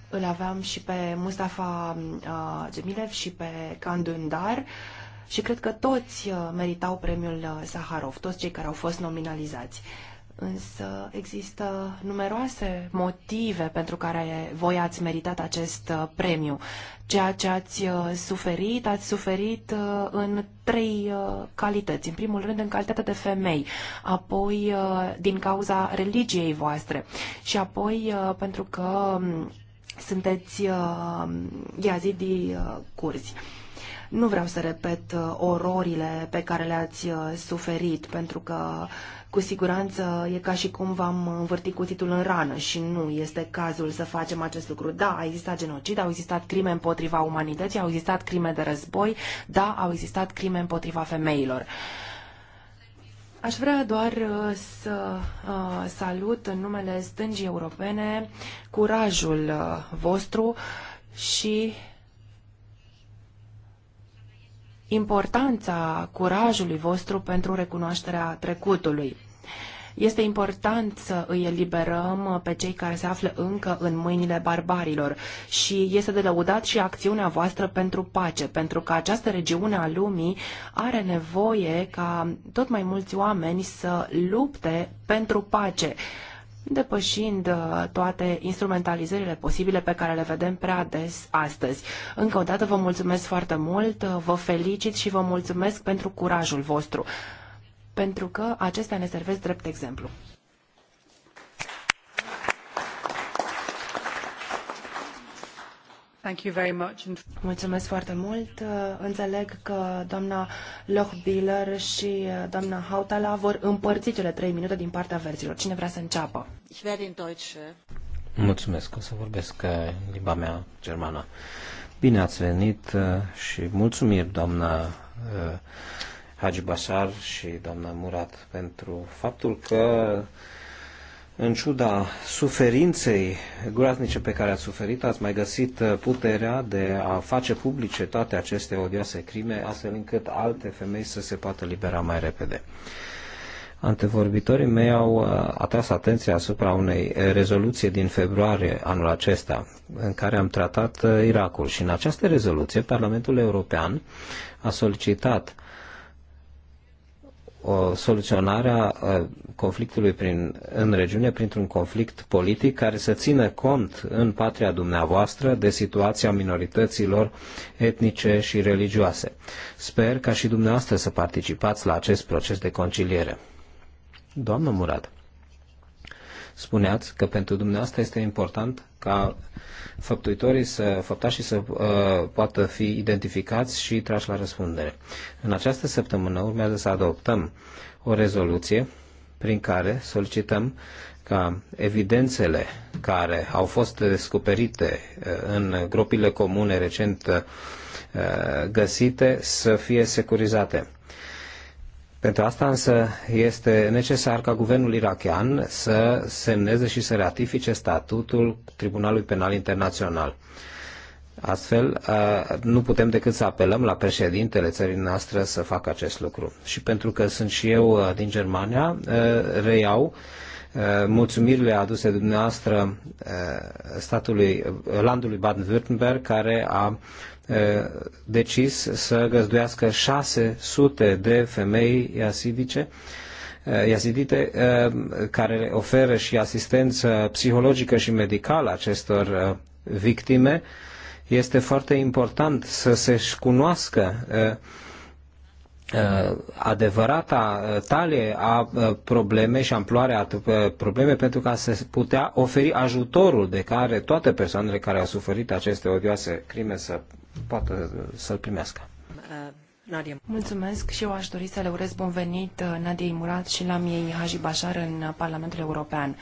Îl aveam și pe Mustafa Gemilev și pe Candundar. Dar și cred că toți uh, meritau premiul uh, Saharov, toți cei care au fost nominalizați. Însă există numeroase motive pentru care voi ați meritat acest uh, premiu. Ceea ce ați suferit, ați suferit în trei calități. În primul rând, în calitate de femei, apoi din cauza religiei voastre și apoi pentru că um, sunteți uh, iazidii uh, curzi. Nu vreau să repet uh, ororile pe care le-ați uh, suferit, pentru că cu siguranță e ca și cum v-am învârtit cuțitul în rană și nu este cazul să facem acest lucru. Da, a existat genocid, au existat crime împotriva umanității, au existat crime de război, da, au existat crime împotriva femeilor. Uh, Aș vrea doar uh, să uh, salut în numele stângii europene curajul uh, vostru și importanța curajului vostru pentru recunoașterea trecutului. Este important să îi eliberăm uh, pe cei care se află încă în mâinile barbarilor și este de lăudat și acțiunea voastră pentru pace, pentru că această regiune a lumii are nevoie ca tot mai mulți oameni să lupte pentru pace depășind uh, toate instrumentalizările posibile pe care le vedem prea des astăzi. Încă o dată vă mulțumesc foarte mult, uh, vă felicit și vă mulțumesc pentru curajul vostru pentru că acestea ne servesc drept exemplu. Mulțumesc foarte mult. Înțeleg că doamna Lochbiller și uh, doamna Hautala vor împărți cele trei minute din partea verzilor. Cine vrea să înceapă? Mulțumesc. O să vorbesc uh, în limba mea germană. Bine ați venit uh, și mulțumiri, doamna Hagi Bashar și doamna Murat pentru faptul că în ciuda suferinței groaznice pe care ați suferit, ați mai găsit puterea de a face publice toate aceste odioase crime, astfel încât alte femei să se poată libera mai repede. Antevorbitorii mei au uh, atras atenția asupra unei rezoluție din februarie anul acesta, în care am tratat uh, Irakul. Și în această rezoluție, Parlamentul European a solicitat soluționarea conflictului prin, în regiune printr-un conflict politic care să țină cont în patria dumneavoastră de situația minorităților etnice și religioase. Sper ca și dumneavoastră să participați la acest proces de conciliere. Doamnă Murad spuneați că pentru dumneavoastră este important ca făptuitorii să, și să uh, poată fi identificați și trași la răspundere. În această săptămână urmează să adoptăm o rezoluție prin care solicităm ca evidențele care au fost descoperite uh, în gropile comune recent uh, găsite să fie securizate. Pentru asta însă este necesar ca guvernul irachian să semneze și să ratifice statutul Tribunalului Penal Internațional. Astfel, uh, nu putem decât să apelăm la președintele țării noastre să facă acest lucru. Și pentru că sunt și eu uh, din Germania, uh, reiau Eh, mulțumirile aduse dumneavoastră eh, statului, eh, landului Baden-Württemberg, care a decis să găzduiască 600 de femei iasidice, iasidite care oferă și asistență psihologică și medicală acestor victime. Este foarte important să se cunoască uh, Uh, adevărata uh, talie a uh, problemei și amploarea problemei pentru ca să putea oferi ajutorul de care toate persoanele care au suferit aceste odioase crime să poată să-l primească. Nadia. Mulțumesc și eu aș dori să le urez bun venit Nadiei Murat și la miei Haji Bashar în Parlamentul European.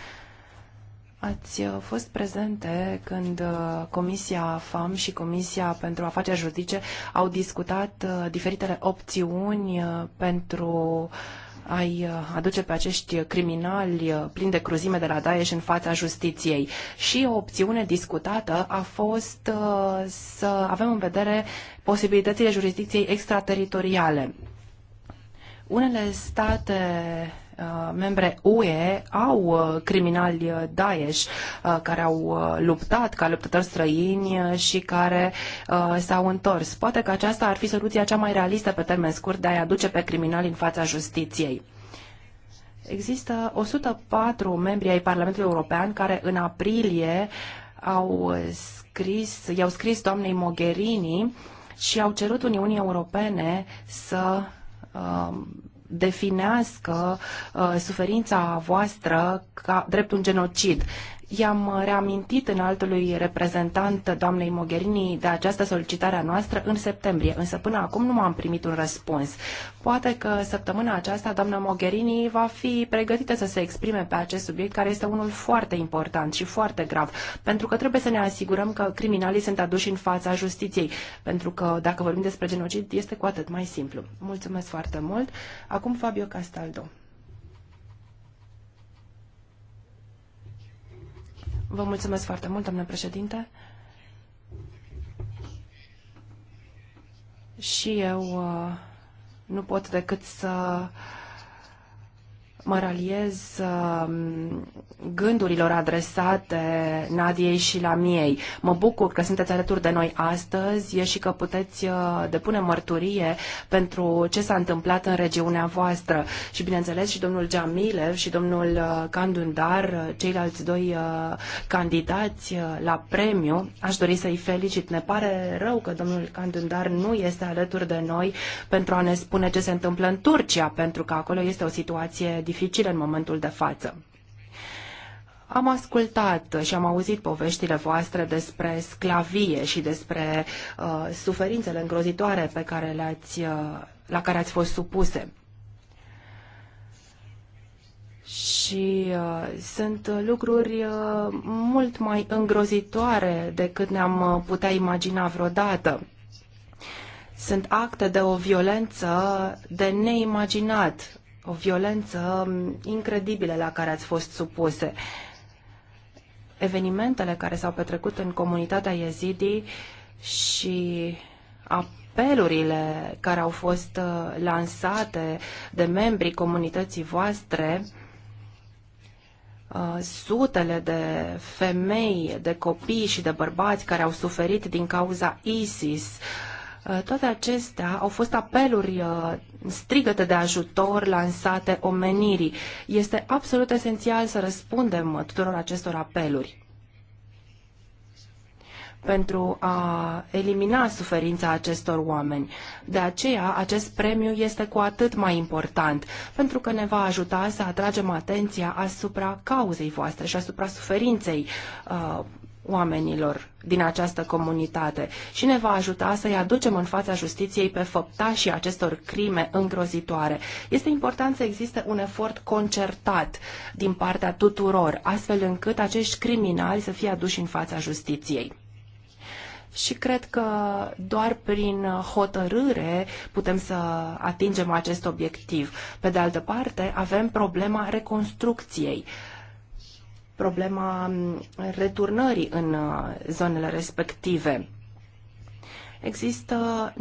Ați uh, fost prezente când uh, Comisia FAM și Comisia pentru Afaceri Juridice au discutat uh, diferitele opțiuni pentru ai aduce pe acești criminali plini de cruzime de la Daesh în fața justiției. Și o opțiune discutată a fost să avem în vedere posibilitățile jurisdicției extrateritoriale. Unele state Uh, membre UE au uh, criminali uh, Daesh care au luptat ca luptători străini și care s-au întors. Poate că aceasta ar fi soluția cea mai realistă pe termen scurt de a-i aduce pe criminali în fața justiției. Există 104 membri ai Parlamentului European care în aprilie au scris, i-au scris doamnei Mogherini și au cerut Uniunii Europene să definească uh, suferința voastră ca drept un genocid. I-am reamintit în altului reprezentant, doamnei Mogherini, de această solicitare a noastră în septembrie, însă până acum nu am primit un răspuns. Poate că săptămâna aceasta doamna Mogherini va fi pregătită să se exprime pe acest subiect, care este unul foarte important și foarte grav, pentru că trebuie să ne asigurăm că criminalii sunt aduși în fața justiției, pentru că dacă vorbim despre genocid, este cu atât mai simplu. Mulțumesc foarte mult. Acum Fabio Castaldo. Vă mulțumesc foarte mult, domnule președinte. Și eu uh, nu pot decât să mă raliez um, gândurilor adresate Nadiei și la miei. Mă bucur că sunteți alături de noi astăzi și că puteți uh, depune mărturie pentru ce s-a întâmplat în regiunea voastră. Și bineînțeles și domnul Jamilev și domnul uh, Candundar, uh, ceilalți doi candidați la premiu, aș dori să-i felicit. Ne pare rău că domnul Candundar nu este alături de noi pentru a ne spune ce se întâmplă în Turcia, pentru că acolo este o situație diferită dificile în momentul de față. Am ascultat și am auzit poveștile voastre despre sclavie și despre uh, suferințele îngrozitoare pe care le-ați, uh, la care ați fost supuse. Și uh, sunt lucruri uh, mult mai îngrozitoare decât ne-am uh, putea imagina vreodată. Sunt acte de o violență de neimaginat o violență mm, incredibilă la care ați fost supuse. Evenimentele care s-au petrecut în comunitatea Yezidi și apelurile care au fost uh, lansate de membrii comunității voastre uh, sutele de femei, de copii și de bărbați care au suferit din cauza ISIS, uh, Uh, toate acestea au fost apeluri uh, strigăte de ajutor lansate omenirii. Este absolut esențial să răspundem tuturor acestor apeluri pentru a elimina suferința acestor oameni. De aceea, acest premiu este cu atât mai important, pentru că ne va ajuta să atragem atenția asupra cauzei voastre și asupra suferinței uh, oamenilor din această comunitate și ne va ajuta să-i aducem în fața justiției pe făptașii acestor crime îngrozitoare. Este important să existe un efort concertat din partea tuturor, astfel încât acești criminali să fie aduși în fața justiției și cred că doar prin hotărâre putem să atingem acest obiectiv. Pe de altă parte, avem problema reconstrucției problema returnării în uh, zonele respective există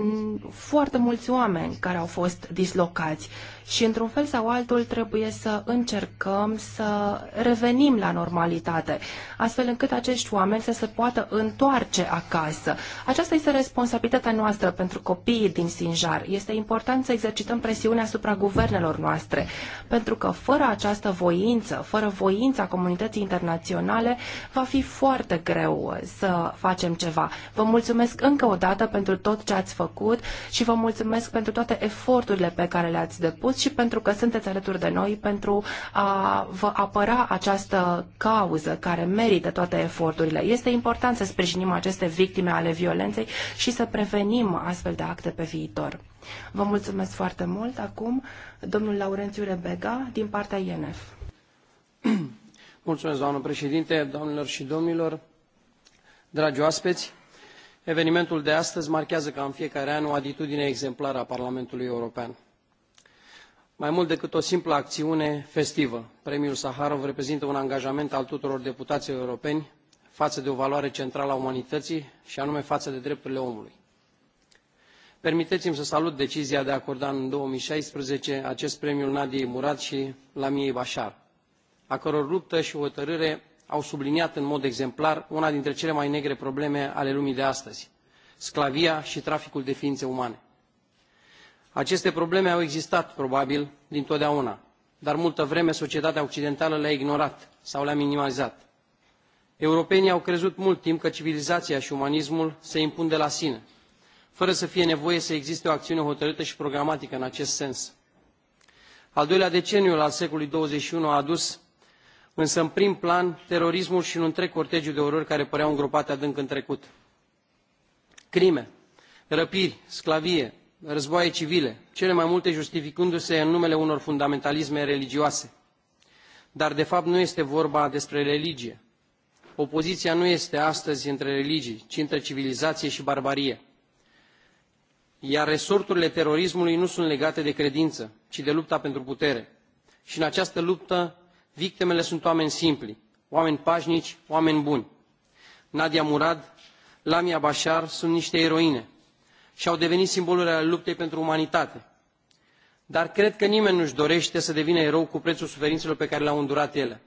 foarte mulți oameni care au fost dislocați și într-un fel sau altul trebuie să încercăm să revenim la normalitate, astfel încât acești oameni să se poată întoarce acasă. Aceasta este responsabilitatea noastră pentru copiii din Sinjar. Este important să exercităm presiunea asupra guvernelor noastre, pentru că fără această voință, fără voința comunității internaționale, va fi foarte greu uh, să facem ceva. Vă mulțumesc încă o dată pentru tot ce ați făcut și vă mulțumesc pentru toate eforturile pe care le-ați depus și pentru că sunteți alături de noi pentru a vă apăra această cauză care merită toate eforturile. Este important să sprijinim aceste victime ale violenței și să prevenim astfel de acte pe viitor. Vă mulțumesc foarte mult. Acum, domnul Laurențiu Rebega, din partea INF. Mulțumesc, doamnă președinte, doamnelor și domnilor, dragi oaspeți. Evenimentul de astăzi marchează ca în fiecare an o atitudine exemplară a Parlamentului European. Mai mult decât o simplă acțiune festivă, premiul Saharov reprezintă un angajament al tuturor deputaților europeni față de o valoare centrală a umanității și anume față de drepturile omului. Permiteți-mi să salut decizia de a acorda în 2016 acest premiu Nadiei Murad și Lamiei Bashar, a căror luptă și hotărâre au subliniat în mod exemplar una dintre cele mai negre probleme ale lumii de astăzi, sclavia și traficul de ființe umane. Aceste probleme au existat, probabil, dintotdeauna, dar multă vreme societatea occidentală le-a ignorat sau le-a minimalizat. Europenii au crezut mult timp că civilizația și umanismul se impun de la sine, fără să fie nevoie să existe o acțiune hotărâtă și programatică în acest sens. Al doilea deceniu al secolului 21 a adus însă în prim plan terorismul și un întreg cortegiu de orori care păreau îngropate adânc în trecut. Crime, răpiri, sclavie, războaie civile, cele mai multe justificându-se în numele unor fundamentalisme religioase. Dar de fapt nu este vorba despre religie. Opoziția nu este astăzi între religii, ci între civilizație și barbarie. Iar resorturile terorismului nu sunt legate de credință, ci de lupta pentru putere. Și în această luptă victimele sunt oameni simpli, oameni pașnici, oameni buni. Nadia Murad, Lamia Bashar sunt niște eroine și au devenit simboluri ale luptei pentru umanitate. Dar cred că nimeni nu-și dorește să devină erou cu prețul suferințelor pe care le-au îndurat ele.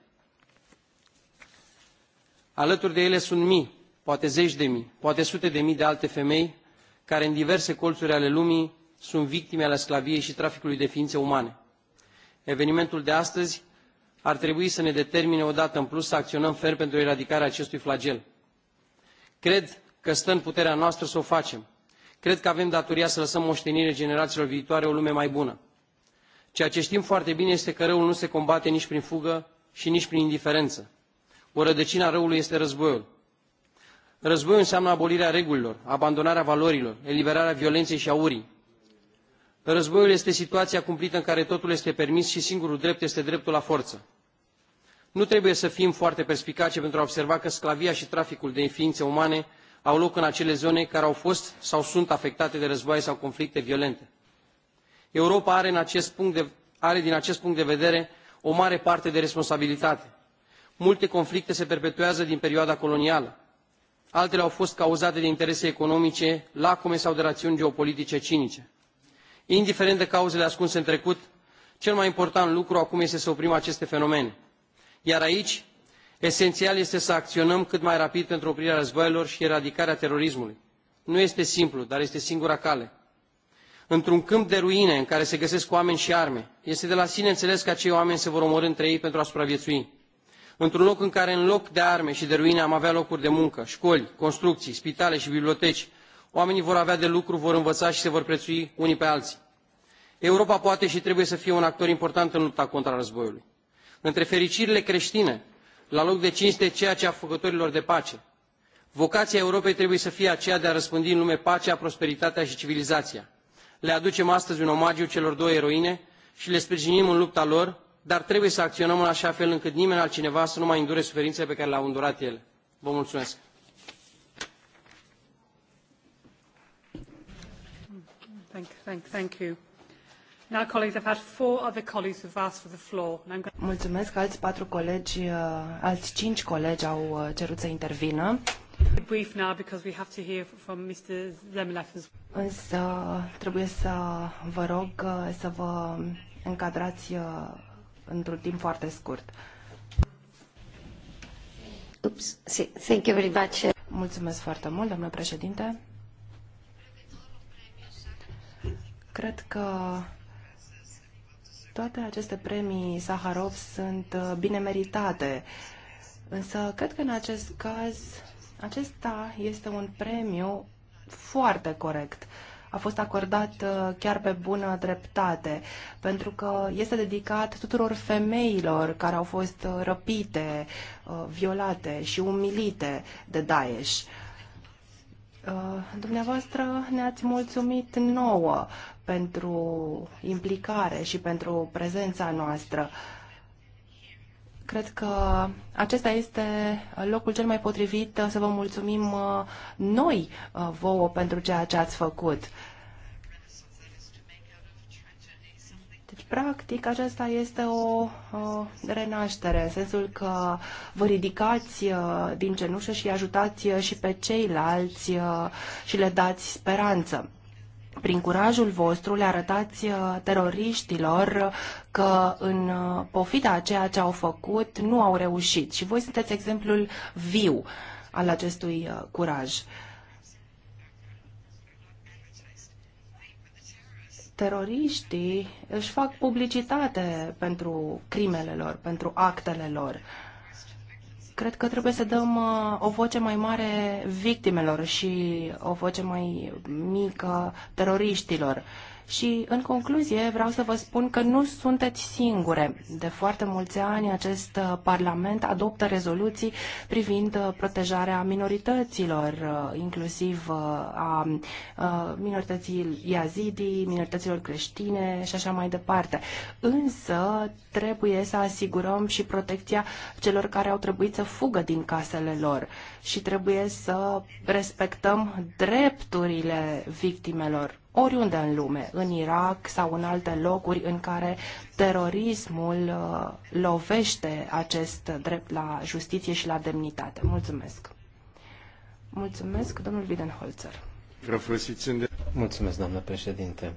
Alături de ele sunt mii, poate zeci de mii, poate sute de mii de alte femei care în diverse colțuri ale lumii sunt victime ale sclaviei și traficului de ființe umane. Evenimentul de astăzi ar trebui să ne determine o dată în plus să acționăm ferm pentru eradicarea acestui flagel. Cred că stă în puterea noastră să o facem. Cred că avem datoria să lăsăm moștenire generațiilor viitoare o lume mai bună. Ceea ce știm foarte bine este că răul nu se combate nici prin fugă și nici prin indiferență. O rădăcină a răului este războiul. Războiul înseamnă abolirea regulilor, abandonarea valorilor, eliberarea violenței și a urii. Războiul este situația cumplită în care totul este permis și singurul drept este dreptul la forță. Nu trebuie să fim foarte perspicaci pentru a observa că sclavia și traficul de ființe umane au loc în acele zone care au fost sau sunt afectate de războaie sau conflicte violente. Europa are, acest de, are din acest punct de vedere o mare parte de responsabilitate. Multe conflicte se perpetuează din perioada colonială. Altele au fost cauzate de interese economice, lacume sau de rațiuni geopolitice cinice. Indiferent de cauzele ascunse în trecut, cel mai important lucru acum este să oprim aceste fenomene iar aici esențial este să acționăm cât mai rapid pentru oprirea războaielor și eradicarea terorismului. Nu este simplu, dar este singura cale. Într-un câmp de ruine în care se găsesc oameni și arme, este de la sine înțeles că acei oameni se vor omorî între ei pentru a supraviețui. Într-un loc în care, în loc de arme și de ruine, am avea locuri de muncă, școli, construcții, spitale și biblioteci, oamenii vor avea de lucru, vor învăța și se vor prețui unii pe alții. Europa poate și trebuie să fie un actor important în lupta contra războiului între fericirile creștine, la loc de cinste ceea ce a făcătorilor de pace. Vocația Europei trebuie să fie aceea de a răspândi în lume pacea, prosperitatea și civilizația. Le aducem astăzi un omagiu celor două eroine și le sprijinim în lupta lor, dar trebuie să acționăm în așa fel încât nimeni altcineva să nu mai îndure suferințele pe care le-au îndurat ele. Vă mulțumesc! Thank, thank, thank you. Now, colleagues, I've had four other colleagues who've asked for the floor. And I'm going... Mulțumesc, alți patru colegi, uh, alți cinci colegi au uh, cerut să intervină. Brief now because we have to hear from Mr. Zemlefens. Însă trebuie să vă rog uh, să vă încadrați într-un timp foarte scurt. Oops. Thank you very much. Mulțumesc foarte mult, domnule președinte. Cred că toate aceste premii Saharov sunt uh, bine meritate, însă cred că în acest caz acesta este un premiu foarte corect. A fost acordat uh, chiar pe bună dreptate, pentru că este dedicat tuturor femeilor care au fost uh, răpite, violate și umilite de Daesh. Dumneavoastră ne-ați mulțumit nouă pentru implicare și pentru prezența noastră. Cred că acesta este locul cel mai potrivit să vă mulțumim uh, noi uh, vouă pentru ceea ce ați făcut. Deci, practic, aceasta este o, o renaștere, în sensul că vă ridicați uh, din cenușă și ajutați și pe ceilalți și le dați speranță prin curajul vostru le arătați uh, teroriștilor că în uh, pofida a ceea ce au făcut nu au reușit și voi sunteți exemplul viu al acestui uh, curaj. Teroriștii își fac publicitate pentru crimele lor, pentru actele lor cred că trebuie să dăm uh, o voce mai mare victimelor și o voce mai mică teroriștilor. Uh, și, în concluzie, vreau să vă spun că nu sunteți singure. De foarte mulți ani, acest uh, Parlament adoptă rezoluții privind uh, protejarea minorităților, uh, inclusiv a minorității Yazidi, minorităților creștine și așa mai departe. Însă, trebuie să asigurăm și protecția celor care au trebuit să fugă din casele lor și trebuie să respectăm drepturile victimelor oriunde în lume, în Irak sau în alte locuri în care terorismul uh, lovește acest drept la justiție și la demnitate. Mulțumesc! Mulțumesc, domnul Widenholzer. Mulțumesc, doamnă președinte.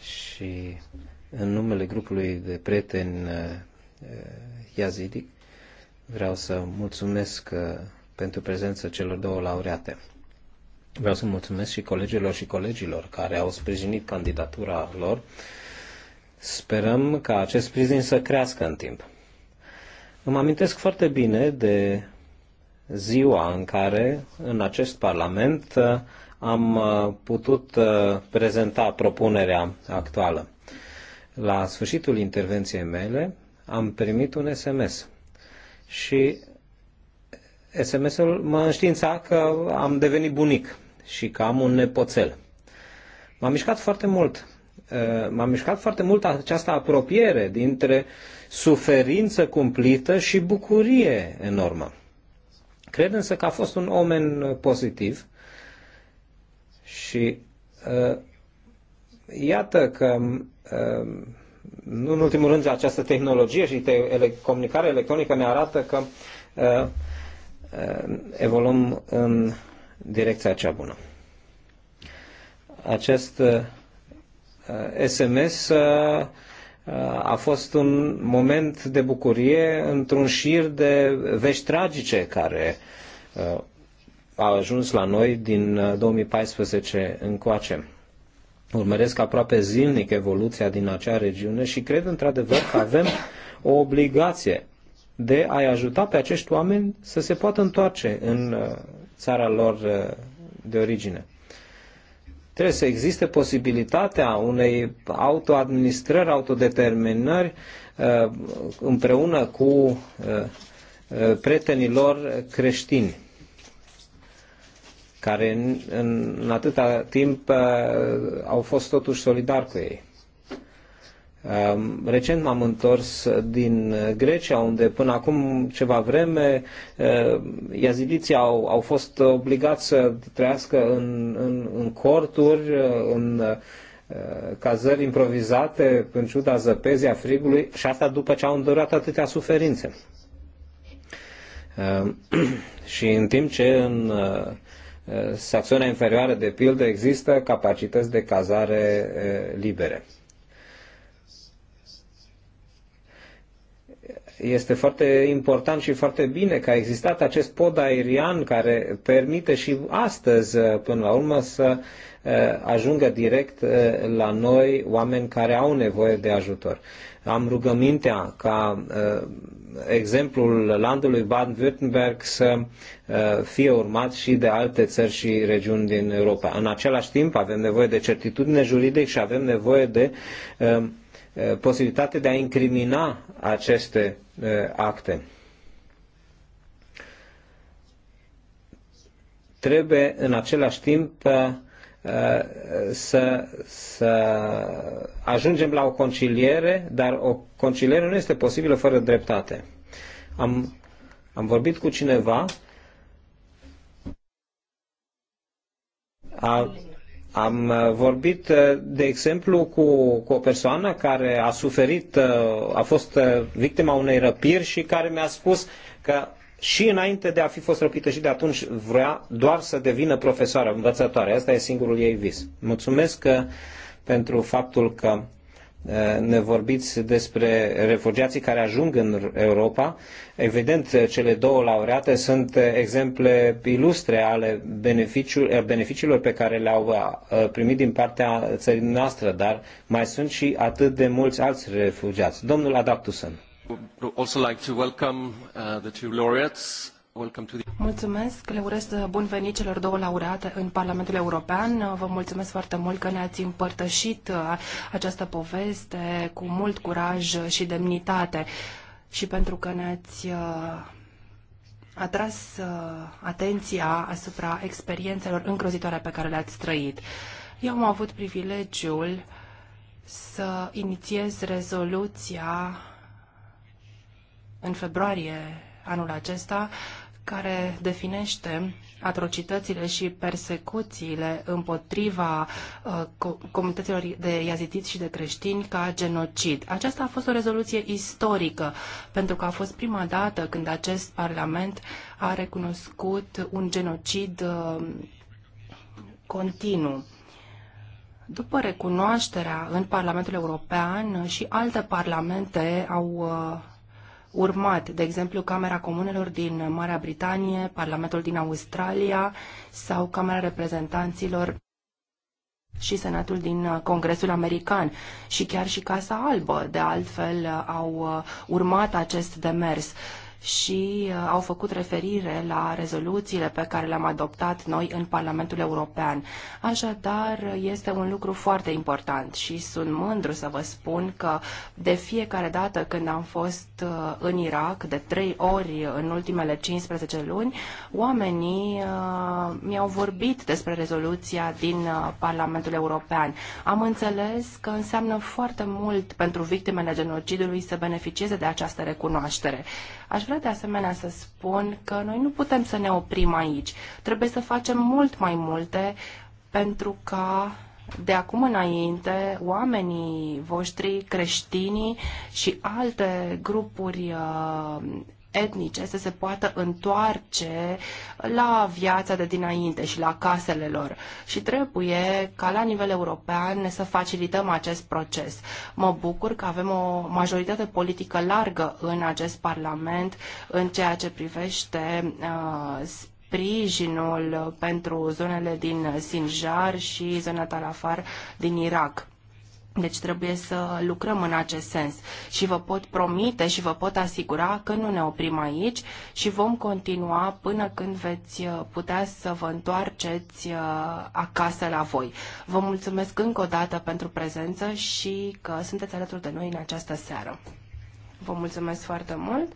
Și în numele grupului de prieteni Iazidic uh, uh, vreau să mulțumesc pentru prezența celor două laureate. Vreau să mulțumesc și colegilor și colegilor care au sprijinit candidatura lor. Sperăm ca acest sprijin să crească în timp. Îmi amintesc foarte bine de ziua în care în acest Parlament am putut prezenta propunerea actuală. La sfârșitul intervenției mele am primit un SMS și SMS-ul mă înștiința că am devenit bunic și că am un nepoțel. M-a mișcat foarte mult. Uh, m-a mișcat foarte mult această apropiere dintre suferință cumplită și bucurie enormă. Cred însă că a fost un omen pozitiv și uh, iată că uh, nu în ultimul rând această tehnologie și te- ele- comunicarea electronică ne arată că uh, uh, evoluăm în direcția cea bună. Acest SMS uh, uh, uh, a fost un moment de bucurie într-un șir de vești tragice care a ajuns la noi din 2014 încoace. Urmăresc aproape zilnic evoluția din acea regiune și cred într-adevăr că avem o obligație de a-i ajuta pe acești oameni să se poată întoarce în țara lor uh, de origine. Trebuie să existe posibilitatea unei autoadministrări, autodeterminări uh, împreună cu uh, prietenilor creștini care în, atâta timp au fost totuși solidari cu ei. Recent m-am întors din Grecia, unde până acum ceva vreme iazidiții au, au fost obligați să trăiască în, în, în corturi, în cazări improvizate, în ciuda zăpezii, a frigului, și asta după ce au îndurat atâtea suferințe. și în timp ce în Saxonia inferioară, de pildă, există capacități de cazare libere. este foarte important și foarte bine că a existat acest pod aerian care permite și astăzi, uh, până la urmă, să uh, ajungă direct uh, la noi oameni care au nevoie de ajutor. Am rugămintea ca exemplul landului Baden-Württemberg să fie urmat și de alte țări și regiuni din Europa. În același timp avem nevoie de certitudine juridică și avem nevoie de Eh, posibilitate de a incrimina aceste eh, acte. Trebuie în același timp eh, să, să ajungem la o conciliere, dar o conciliere nu este posibilă fără dreptate. Am, am vorbit cu cineva a, am uh, vorbit, uh, de exemplu, cu, cu o persoană care a suferit, uh, a fost victima unei răpiri și care mi-a spus că și înainte de a fi fost răpită și de atunci vrea doar să devină profesoară, învățătoare. Asta e singurul ei vis. Mulțumesc că, pentru faptul că Eh, ne vorbiți despre refugiații care ajung în Europa. Evident, eh, cele două laureate sunt eh, exemple ilustre ale beneficiilor pe care le-au primit din partea țării noastre, dar mai sunt și atât de mulți alți refugiați. Domnul Adaptusen. Also like to welcome uh, the two laureates Mulțumesc, le urez bun venit celor două laureate în Parlamentul European. Vă mulțumesc foarte mult că ne-ați împărtășit uh, această poveste cu mult curaj și demnitate și pentru că ne-ați uh, atras uh, atenția asupra experiențelor îngrozitoare pe care le-ați trăit. Eu am avut privilegiul să inițiez rezoluția în februarie anul acesta care definește atrocitățile și persecuțiile împotriva uh, comunităților de iazitiți și de creștini ca genocid. Aceasta a fost o rezoluție istorică, pentru că a fost prima dată când acest Parlament a recunoscut un genocid uh, continuu. După recunoașterea în Parlamentul European uh, și alte parlamente au uh, urmat, de exemplu Camera Comunelor din Marea Britanie, Parlamentul din Australia sau Camera Reprezentanților și Senatul din uh, Congresul American și chiar și Casa Albă, de altfel, uh, au uh, urmat acest demers și uh, au făcut referire la rezoluțiile pe care le-am adoptat noi în Parlamentul European. Așadar, este un lucru foarte important și sunt mândru să vă spun că de fiecare dată când am fost uh, în Irak, de trei ori în ultimele 15 luni, oamenii uh, mi-au vorbit despre rezoluția din Parlamentul European. Am înțeles că înseamnă foarte mult pentru victimele genocidului să beneficieze de această recunoaștere. Aș vrea vrea de asemenea să spun că noi nu putem să ne oprim aici. Trebuie să facem mult mai multe pentru ca de acum înainte oamenii voștri, creștinii și alte grupuri uh, etnice să se poată întoarce la viața de dinainte și la casele lor. Și trebuie ca la nivel european să facilităm acest proces. Mă bucur că avem o majoritate politică largă în acest Parlament în ceea ce privește uh, sprijinul pentru zonele din Sinjar și zona talafar din Irak. Deci trebuie să lucrăm în acest sens și vă pot promite și vă pot asigura că nu ne oprim aici și vom continua până când veți uh, putea să vă întoarceți uh, acasă la voi. Vă mulțumesc încă o dată pentru prezență și că sunteți alături de noi în această seară. Vă mulțumesc foarte mult.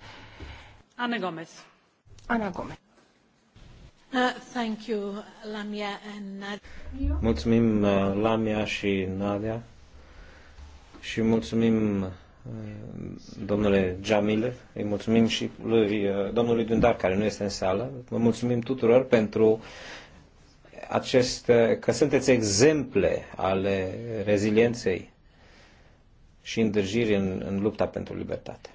Ana Gomez. Ana Gomez. Uh, thank you, Lamia and Nadia. Mulțumim, uh, Lamia și Nadia și mulțumim uh, domnule Jamile, îi mulțumim și lui, uh, domnului Dundar care nu este în sală, vă mulțumim tuturor pentru acest, că sunteți exemple ale rezilienței și îndrăjirii în, în lupta pentru libertate.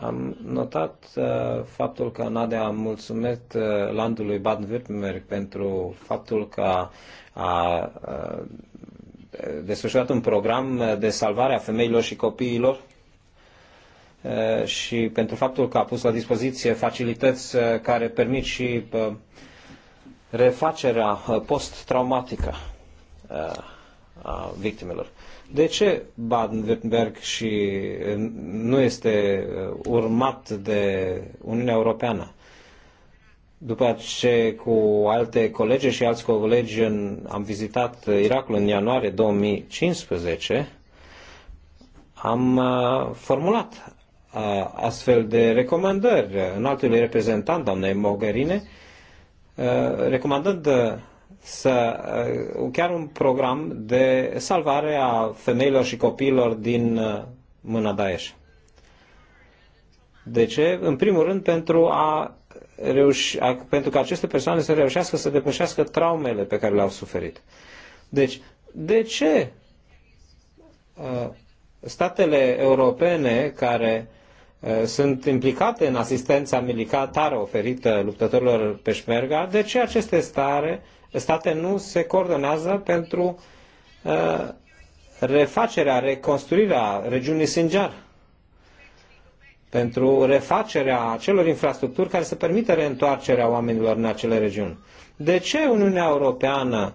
Am notat uh, faptul că a mulțumit uh, landului Baden-Württemberg pentru faptul că a, a uh, desfășurat un program de salvare a femeilor și copiilor uh, și pentru faptul că a pus la dispoziție facilități uh, care permit și uh, refacerea post-traumatică a victimelor. De ce Baden-Württemberg și nu este urmat de Uniunea Europeană? După ce cu alte colegi și alți colegi în, am vizitat Irakul în ianuarie 2015, am uh, formulat uh, astfel de recomandări în altului reprezentant, doamnei Mogherine, uh, recomandând să, uh, chiar un program de salvare a femeilor și copiilor din uh, mâna Daesh. De ce? În primul rând pentru a reuși, a, pentru că aceste persoane să reușească să depășească traumele pe care le-au suferit. Deci, de ce uh, statele europene care uh, sunt implicate în asistența militară oferită luptătorilor peșmerga, de ce aceste stare state nu se coordonează pentru uh, refacerea, reconstruirea regiunii Sinjar, pentru refacerea acelor infrastructuri care să permită reîntoarcerea oamenilor în acele regiuni. De ce Uniunea Europeană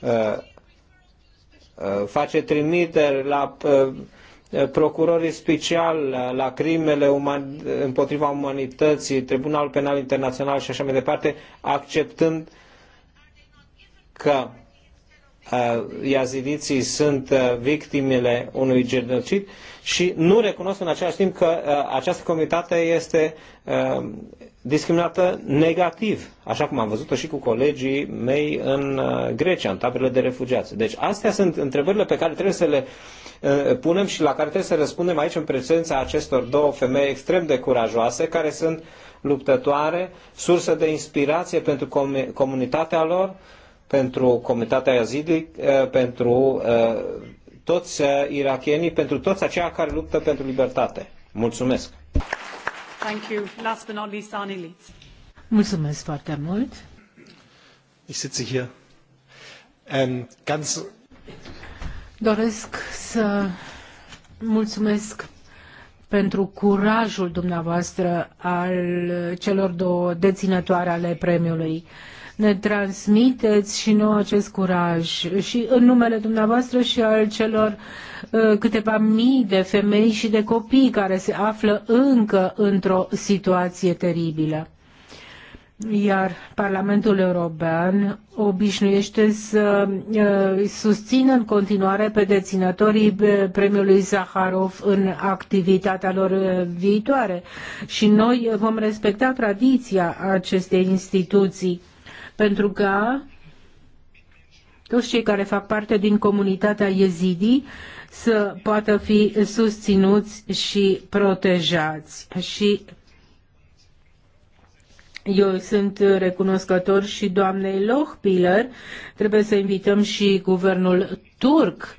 uh, uh, face trimiteri la procurorii speciali la crimele uman- împotriva umanității, Tribunalul Penal Internațional și așa mai departe, acceptând uh, că iazidiții sunt victimele unui genocid și nu recunosc în același timp că această comunitate este discriminată negativ, așa cum am văzut-o și cu colegii mei în Grecia, în taberele de refugiați. Deci astea sunt întrebările pe care trebuie să le punem și la care trebuie să răspundem aici în prezența acestor două femei extrem de curajoase, care sunt luptătoare, sursă de inspirație pentru comunitatea lor, pentru comunitatea yazidi, eh, pentru eh, toți eh, irakienii, pentru toți aceia care luptă pentru libertate. Mulțumesc! Thank you. Last but not least, Mulțumesc foarte mult! Ich sitze hier. Ähm, ganz... Doresc să mulțumesc pentru curajul dumneavoastră al celor două deținătoare ale premiului. Uh, ne transmiteți și nouă acest curaj și în numele dumneavoastră și al celor uh, câteva mii de femei și de copii care se află încă într-o situație teribilă iar Parlamentul European obișnuiește să uh, susțină în continuare pe deținătorii uh, premiului Zaharov în activitatea lor viitoare. Și noi vom respecta tradiția acestei instituții pentru ca toți cei care fac parte din comunitatea Yezidi să poată fi susținuți și protejați. Și eu sunt recunoscător și doamnei Lohpiller. Trebuie să invităm și guvernul turc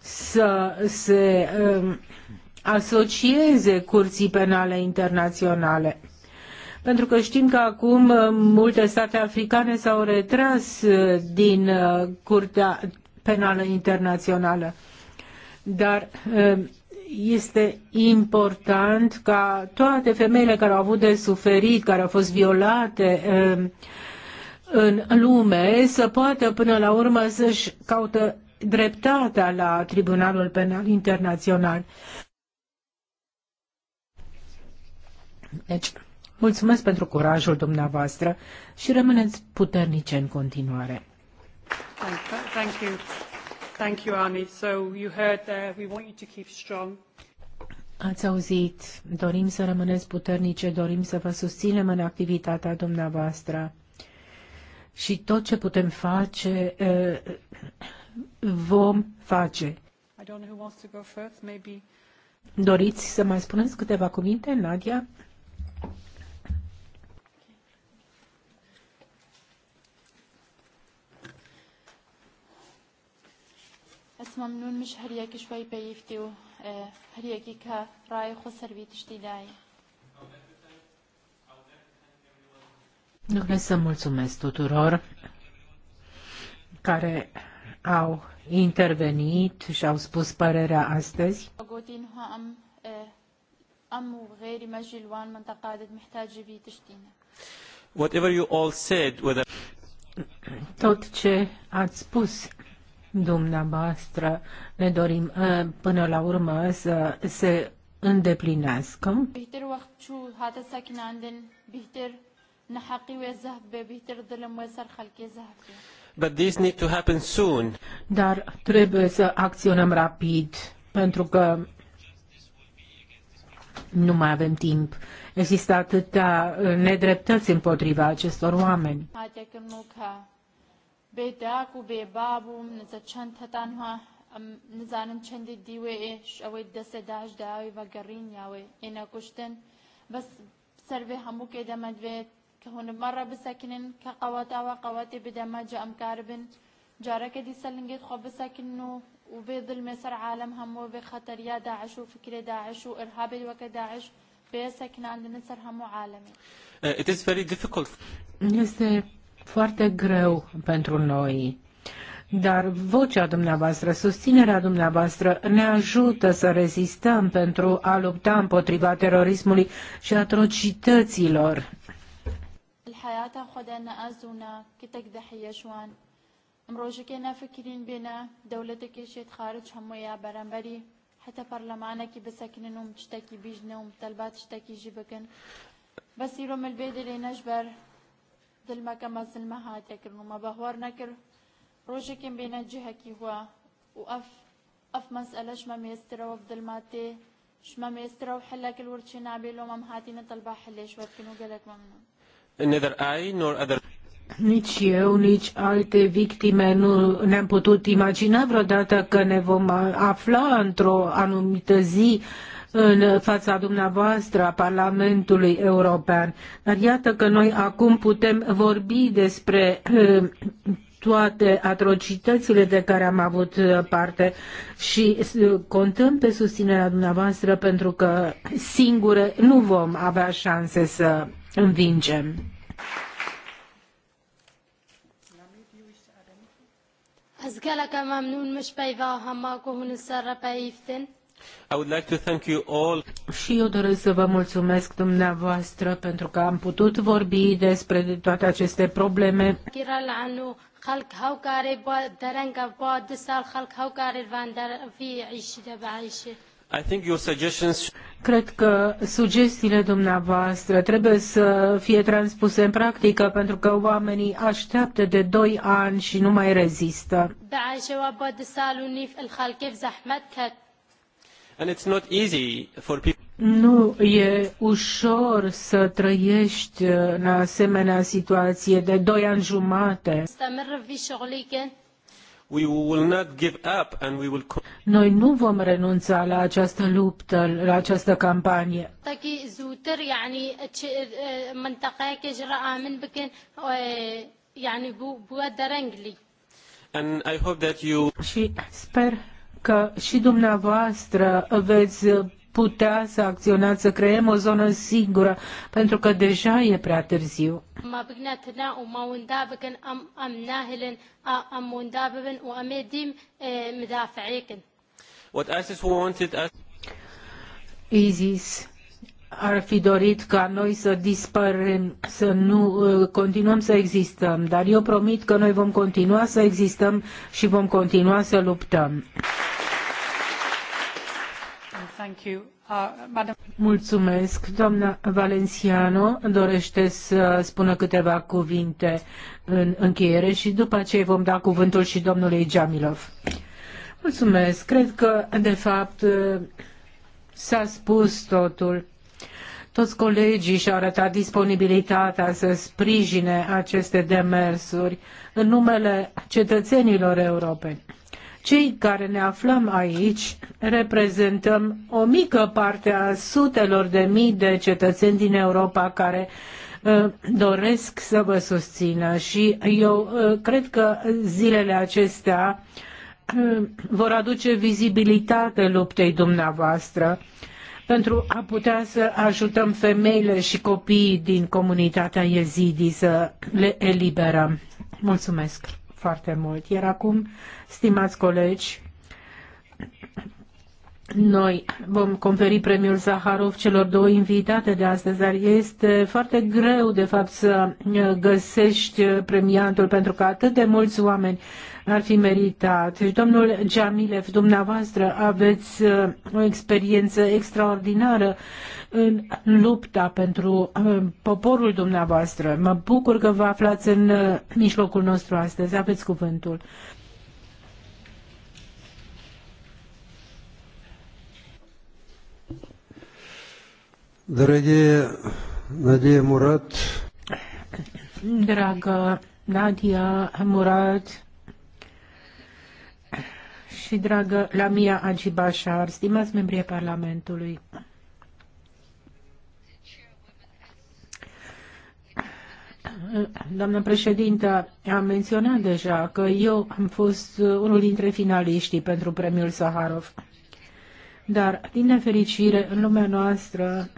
să se um, asocieze curții penale internaționale pentru că știm că acum uh, multe state africane s-au retras uh, din uh, Curtea Penală Internațională. Dar este important ca toate femeile care au avut de suferit, care au fost violate în lume, să poată până la urmă să-și caută dreptatea la Tribunalul Penal Internațional. Deci, Mulțumesc pentru curajul dumneavoastră și rămâneți puternice în continuare. Thank you. Thank you, So you heard there, we want you to keep strong. Ați auzit, dorim să rămâneți puternice, dorim să vă susținem în activitatea dumneavoastră și tot ce putem face, eh, vom face. Doriți să mai spuneți câteva cuvinte, Nadia? ممنون مش هر یکی شوی پیفتی و هر یکی که رای خود سروی تشتی دایی să mulțumesc tuturor care au intervenit și au spus părerea astăzi. Tot ce ați spus dumneavoastră ne dorim uh, până la urmă să se îndeplinească. But these need to happen soon. Dar trebuie să acționăm rapid, pentru că nu mai avem timp. Există atâtea uh, nedreptăți împotriva acestor oameni. بێداک و بێبا بووم نزە چەند هەتانها نزانم چەندی دیوێ ئێش ئەوەی دەسێ داش داوی بە گەڕین یاوێ ئێنە کوشتن بەس سەرێ هەموو کێ دەمەدوێت کە هونمەڕە بسەکنن کە قەوەتاوە قەوەتی بدەمە جە ئەمکار بن جارەکە دیسە لنگێت خۆ بسەکن و وبێ دڵمێ سەر عالم هەموو بێ خەتەریا داعش و فکرێ داعش و ئرهابێت وەکە داعش بێ سەکناندنە سەر هەموو عالمی It is very difficult. Este foarte greu pentru noi. Dar vocea dumneavoastră, susținerea dumneavoastră ne ajută să rezistăm pentru a lupta împotriva terorismului și atrocităților. بسكنن ومشتكي ومطلبات شتكي بس يروم البيد اللي نجبر دلما كما سلما هاتيكر وما بهوار نكر روجكم بين جهكي هو وأف أف مسألة شما ميسترا وفي دلماتي شما ميسترا وحلاك الورتشي نعبي لو مام هاتينا طلبا حليش وكنو قالك ممنون Neither I nor other nici eu, nici alte victime nu ne-am putut imagina vreodată că ne vom afla într-o anumită zi uh, în fața dumneavoastră a Parlamentului European. Dar iată că noi acum putem vorbi despre eh, toate atrocitățile de care am avut eh, parte și eh, contăm pe susținerea dumneavoastră pentru că singure nu vom avea șanse să învingem. ممنون مش I would like to thank you all. Și eu doresc să vă mulțumesc dumneavoastră pentru că am putut vorbi despre toate aceste probleme. I think your suggestions... Cred că sugestiile dumneavoastră trebuie să fie transpuse în practică pentru că oamenii așteaptă de 2 ani și nu mai rezistă. Da, nu e ușor să trăiești în asemenea situație de doi ani jumate. We will not give up and we will... Noi nu vom renunța la această luptă, la această campanie. And I hope that you... Și sper că și dumneavoastră veți putea să acționați, să creăm o zonă sigură, pentru că deja e prea târziu. ISIS ar fi dorit ca noi să dispărem, să nu uh, continuăm să existăm, dar eu promit că noi vom continua să existăm și vom continua să luptăm. Uh, Mulțumesc. Doamna Valenciano dorește să spună câteva cuvinte în încheiere și după aceea vom da cuvântul și domnului Jamilov. Mulțumesc. Cred că, de fapt, uh, s-a spus totul. Toți colegii și-au arătat disponibilitatea să sprijine aceste demersuri în numele cetățenilor europeni. Cei care ne aflăm aici reprezentăm o mică parte a sutelor de mii de cetățeni din Europa care uh, doresc să vă susțină și eu uh, cred că zilele acestea uh, vor aduce vizibilitate luptei dumneavoastră pentru a putea să ajutăm femeile și copiii din comunitatea Yezidi să le eliberăm. Mulțumesc foarte mult. Iar acum, stimați colegi, noi vom conferi premiul Zaharov celor două invitate de astăzi, dar este foarte greu, de fapt, să uh, găsești uh, premiantul, pentru că atât de mulți oameni ar fi meritat. Deci, domnul Jamilev, dumneavoastră aveți uh, o experiență extraordinară în lupta pentru poporul dumneavoastră. Mă bucur că vă aflați în mijlocul nostru astăzi. Aveți cuvântul. Дорогие Надея Мурат. Dragă Nadia Murat și dragă Lamia Agibașar, stimați membrii Parlamentului, Doamnă președintă, am menționat deja că eu am fost unul dintre finaliștii pentru premiul Saharov. Dar, din nefericire, în lumea noastră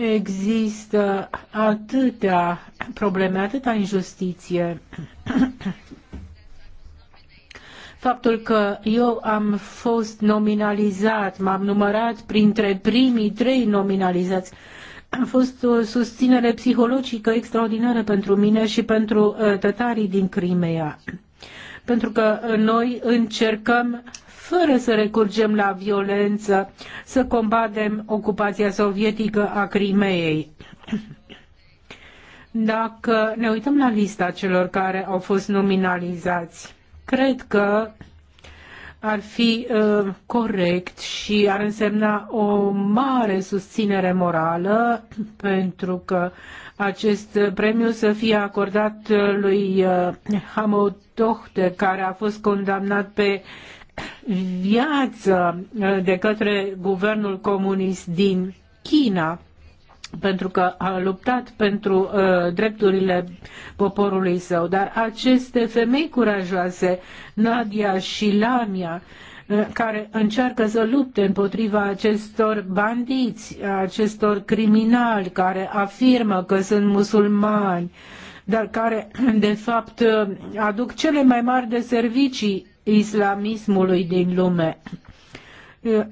există atâtea probleme, atâta injustiție. Faptul că eu am fost nominalizat, m-am numărat printre primii trei nominalizați, a fost o susținere psihologică extraordinară pentru mine și pentru uh, tătarii din Crimea. Pentru că uh, noi încercăm fără să recurgem la violență, să combatem ocupația sovietică a Crimeei. Dacă ne uităm la lista celor care au fost nominalizați, cred că ar fi uh, corect și ar însemna o mare susținere morală pentru că acest premiu să fie acordat lui uh, Hamotohte, care a fost condamnat pe viață uh, de către guvernul comunist din China pentru că a luptat pentru uh, drepturile poporului său. Dar aceste femei curajoase, Nadia și Lamia, uh, care încearcă să lupte împotriva acestor bandiți, acestor criminali care afirmă că sunt musulmani, dar care, de fapt, aduc cele mai mari de servicii islamismului din lume.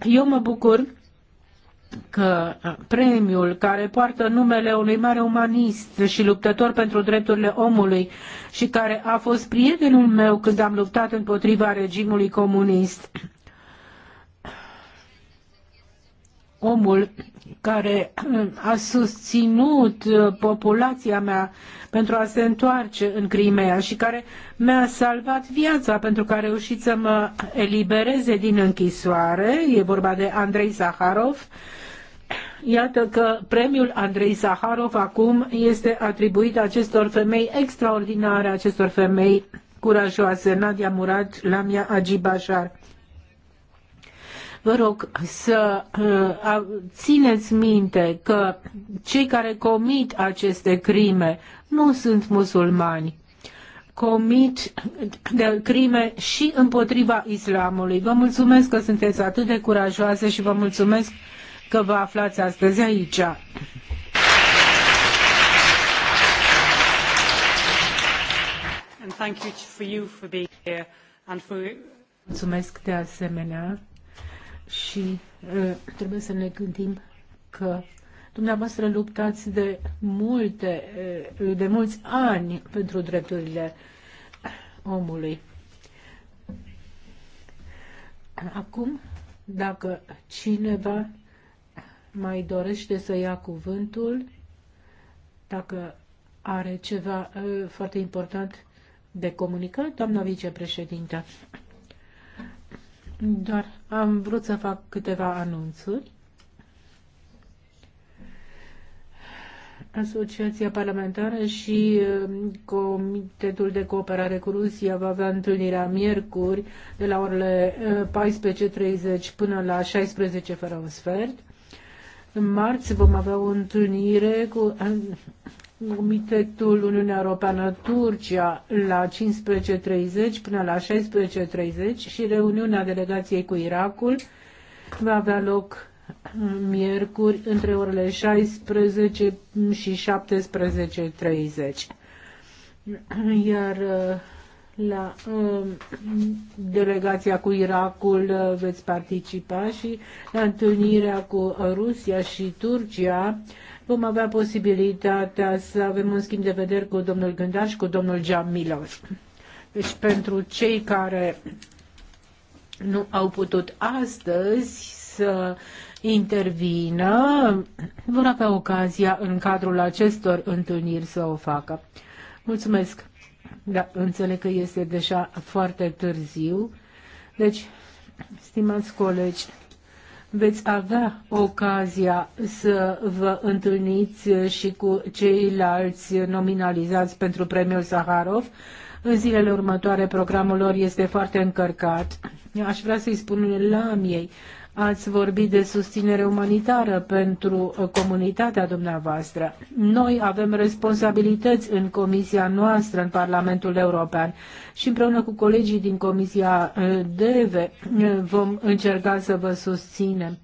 Eu mă bucur că premiul care poartă numele unui mare umanist și luptător pentru drepturile omului și care a fost prietenul meu când am luptat împotriva regimului comunist omul care a susținut uh, populația mea pentru a se întoarce în Crimea și care mi-a salvat viața pentru că a reușit să mă elibereze din închisoare. E vorba de Andrei Zaharov. Iată că premiul Andrei Zaharov acum este atribuit acestor femei extraordinare, acestor femei curajoase, Nadia Murad, Lamia Agibajar. Vă rog să uh, țineți minte că cei care comit aceste crime nu sunt musulmani comit de crime și împotriva islamului. Vă mulțumesc că sunteți atât de curajoase și vă mulțumesc că vă aflați astăzi aici. Mulțumesc de asemenea și trebuie să ne gândim că dumneavoastră luptați de multe, de mulți ani pentru drepturile omului. Acum, dacă cineva mai dorește să ia cuvântul, dacă are ceva foarte important de comunicat, doamna vicepreședintă. Doar am vrut să fac câteva anunțuri. Asociația Parlamentară și uh, Comitetul de Cooperare cu Rusia va avea întâlnirea miercuri de la orele 14.30 uh, până la 16 fără un sfert. În marți vom avea o întâlnire cu Comitetul Uniunea Europeană-Turcia la 15.30 până la 16.30 și reuniunea delegației cu Irakul va avea loc uh, miercuri între orele 16 și 17.30. Iar uh, la uh, delegația cu Irakul veți participa și la întâlnirea cu Rusia și Turcia vom avea posibilitatea să avem un schimb de vederi cu domnul Gândaș, cu domnul Jamilov. Deci pentru cei care nu au putut astăzi să intervină, vor avea ocazia în cadrul acestor întâlniri să o facă. Mulțumesc! Da, înțeleg că este deja foarte târziu. Deci, stimați colegi, veți avea ocazia să vă întâlniți și cu ceilalți nominalizați pentru premiul Zaharov. În zilele următoare programul lor este foarte încărcat. Aș vrea să-i spun lamiei Ați vorbit de susținere umanitară pentru uh, comunitatea dumneavoastră. Noi avem responsabilități în comisia noastră, în Parlamentul European și împreună cu colegii din comisia uh, DEVE uh, vom încerca să vă susținem.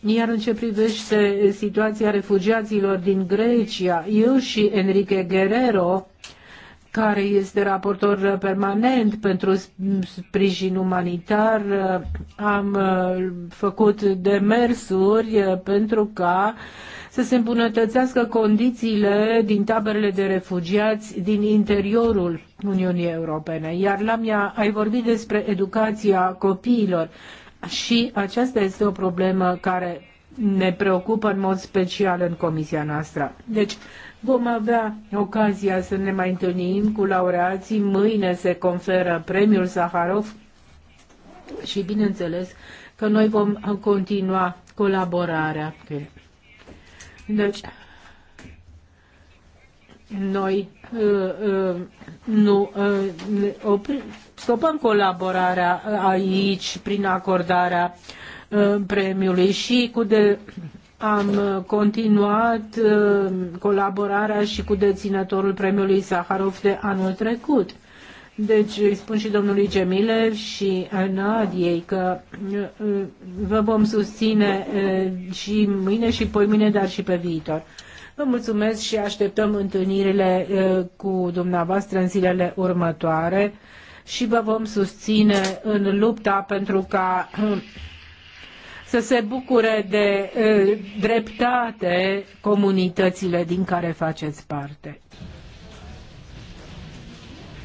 Iar în ce privește situația refugiaților din Grecia, eu și Enrique Guerrero care este raportor permanent pentru sprijin umanitar, am uh, făcut demersuri uh, pentru ca să se îmbunătățească condițiile din taberele de refugiați din interiorul Uniunii Europene. Iar Lamia, ai vorbit despre educația copiilor și aceasta este o problemă care ne preocupă în mod special în comisia noastră. Deci, Vom avea ocazia să ne mai întâlnim cu laureații. Mâine se conferă premiul Zaharov și, bineînțeles, că noi vom continua colaborarea. Deci, noi uh, uh, nu uh, opri, stopăm colaborarea uh, aici prin acordarea uh, premiului și cu de am continuat uh, colaborarea și cu deținătorul premiului Saharov de anul trecut. Deci îi spun și domnului Gemilev și Nadiei că uh, vă vom susține uh, și mâine și mâine, dar și pe viitor. Vă mulțumesc și așteptăm întâlnirile cu dumneavoastră în zilele următoare și vă vom susține în lupta pentru ca să se bucure de eh, dreptate comunitățile din care faceți parte.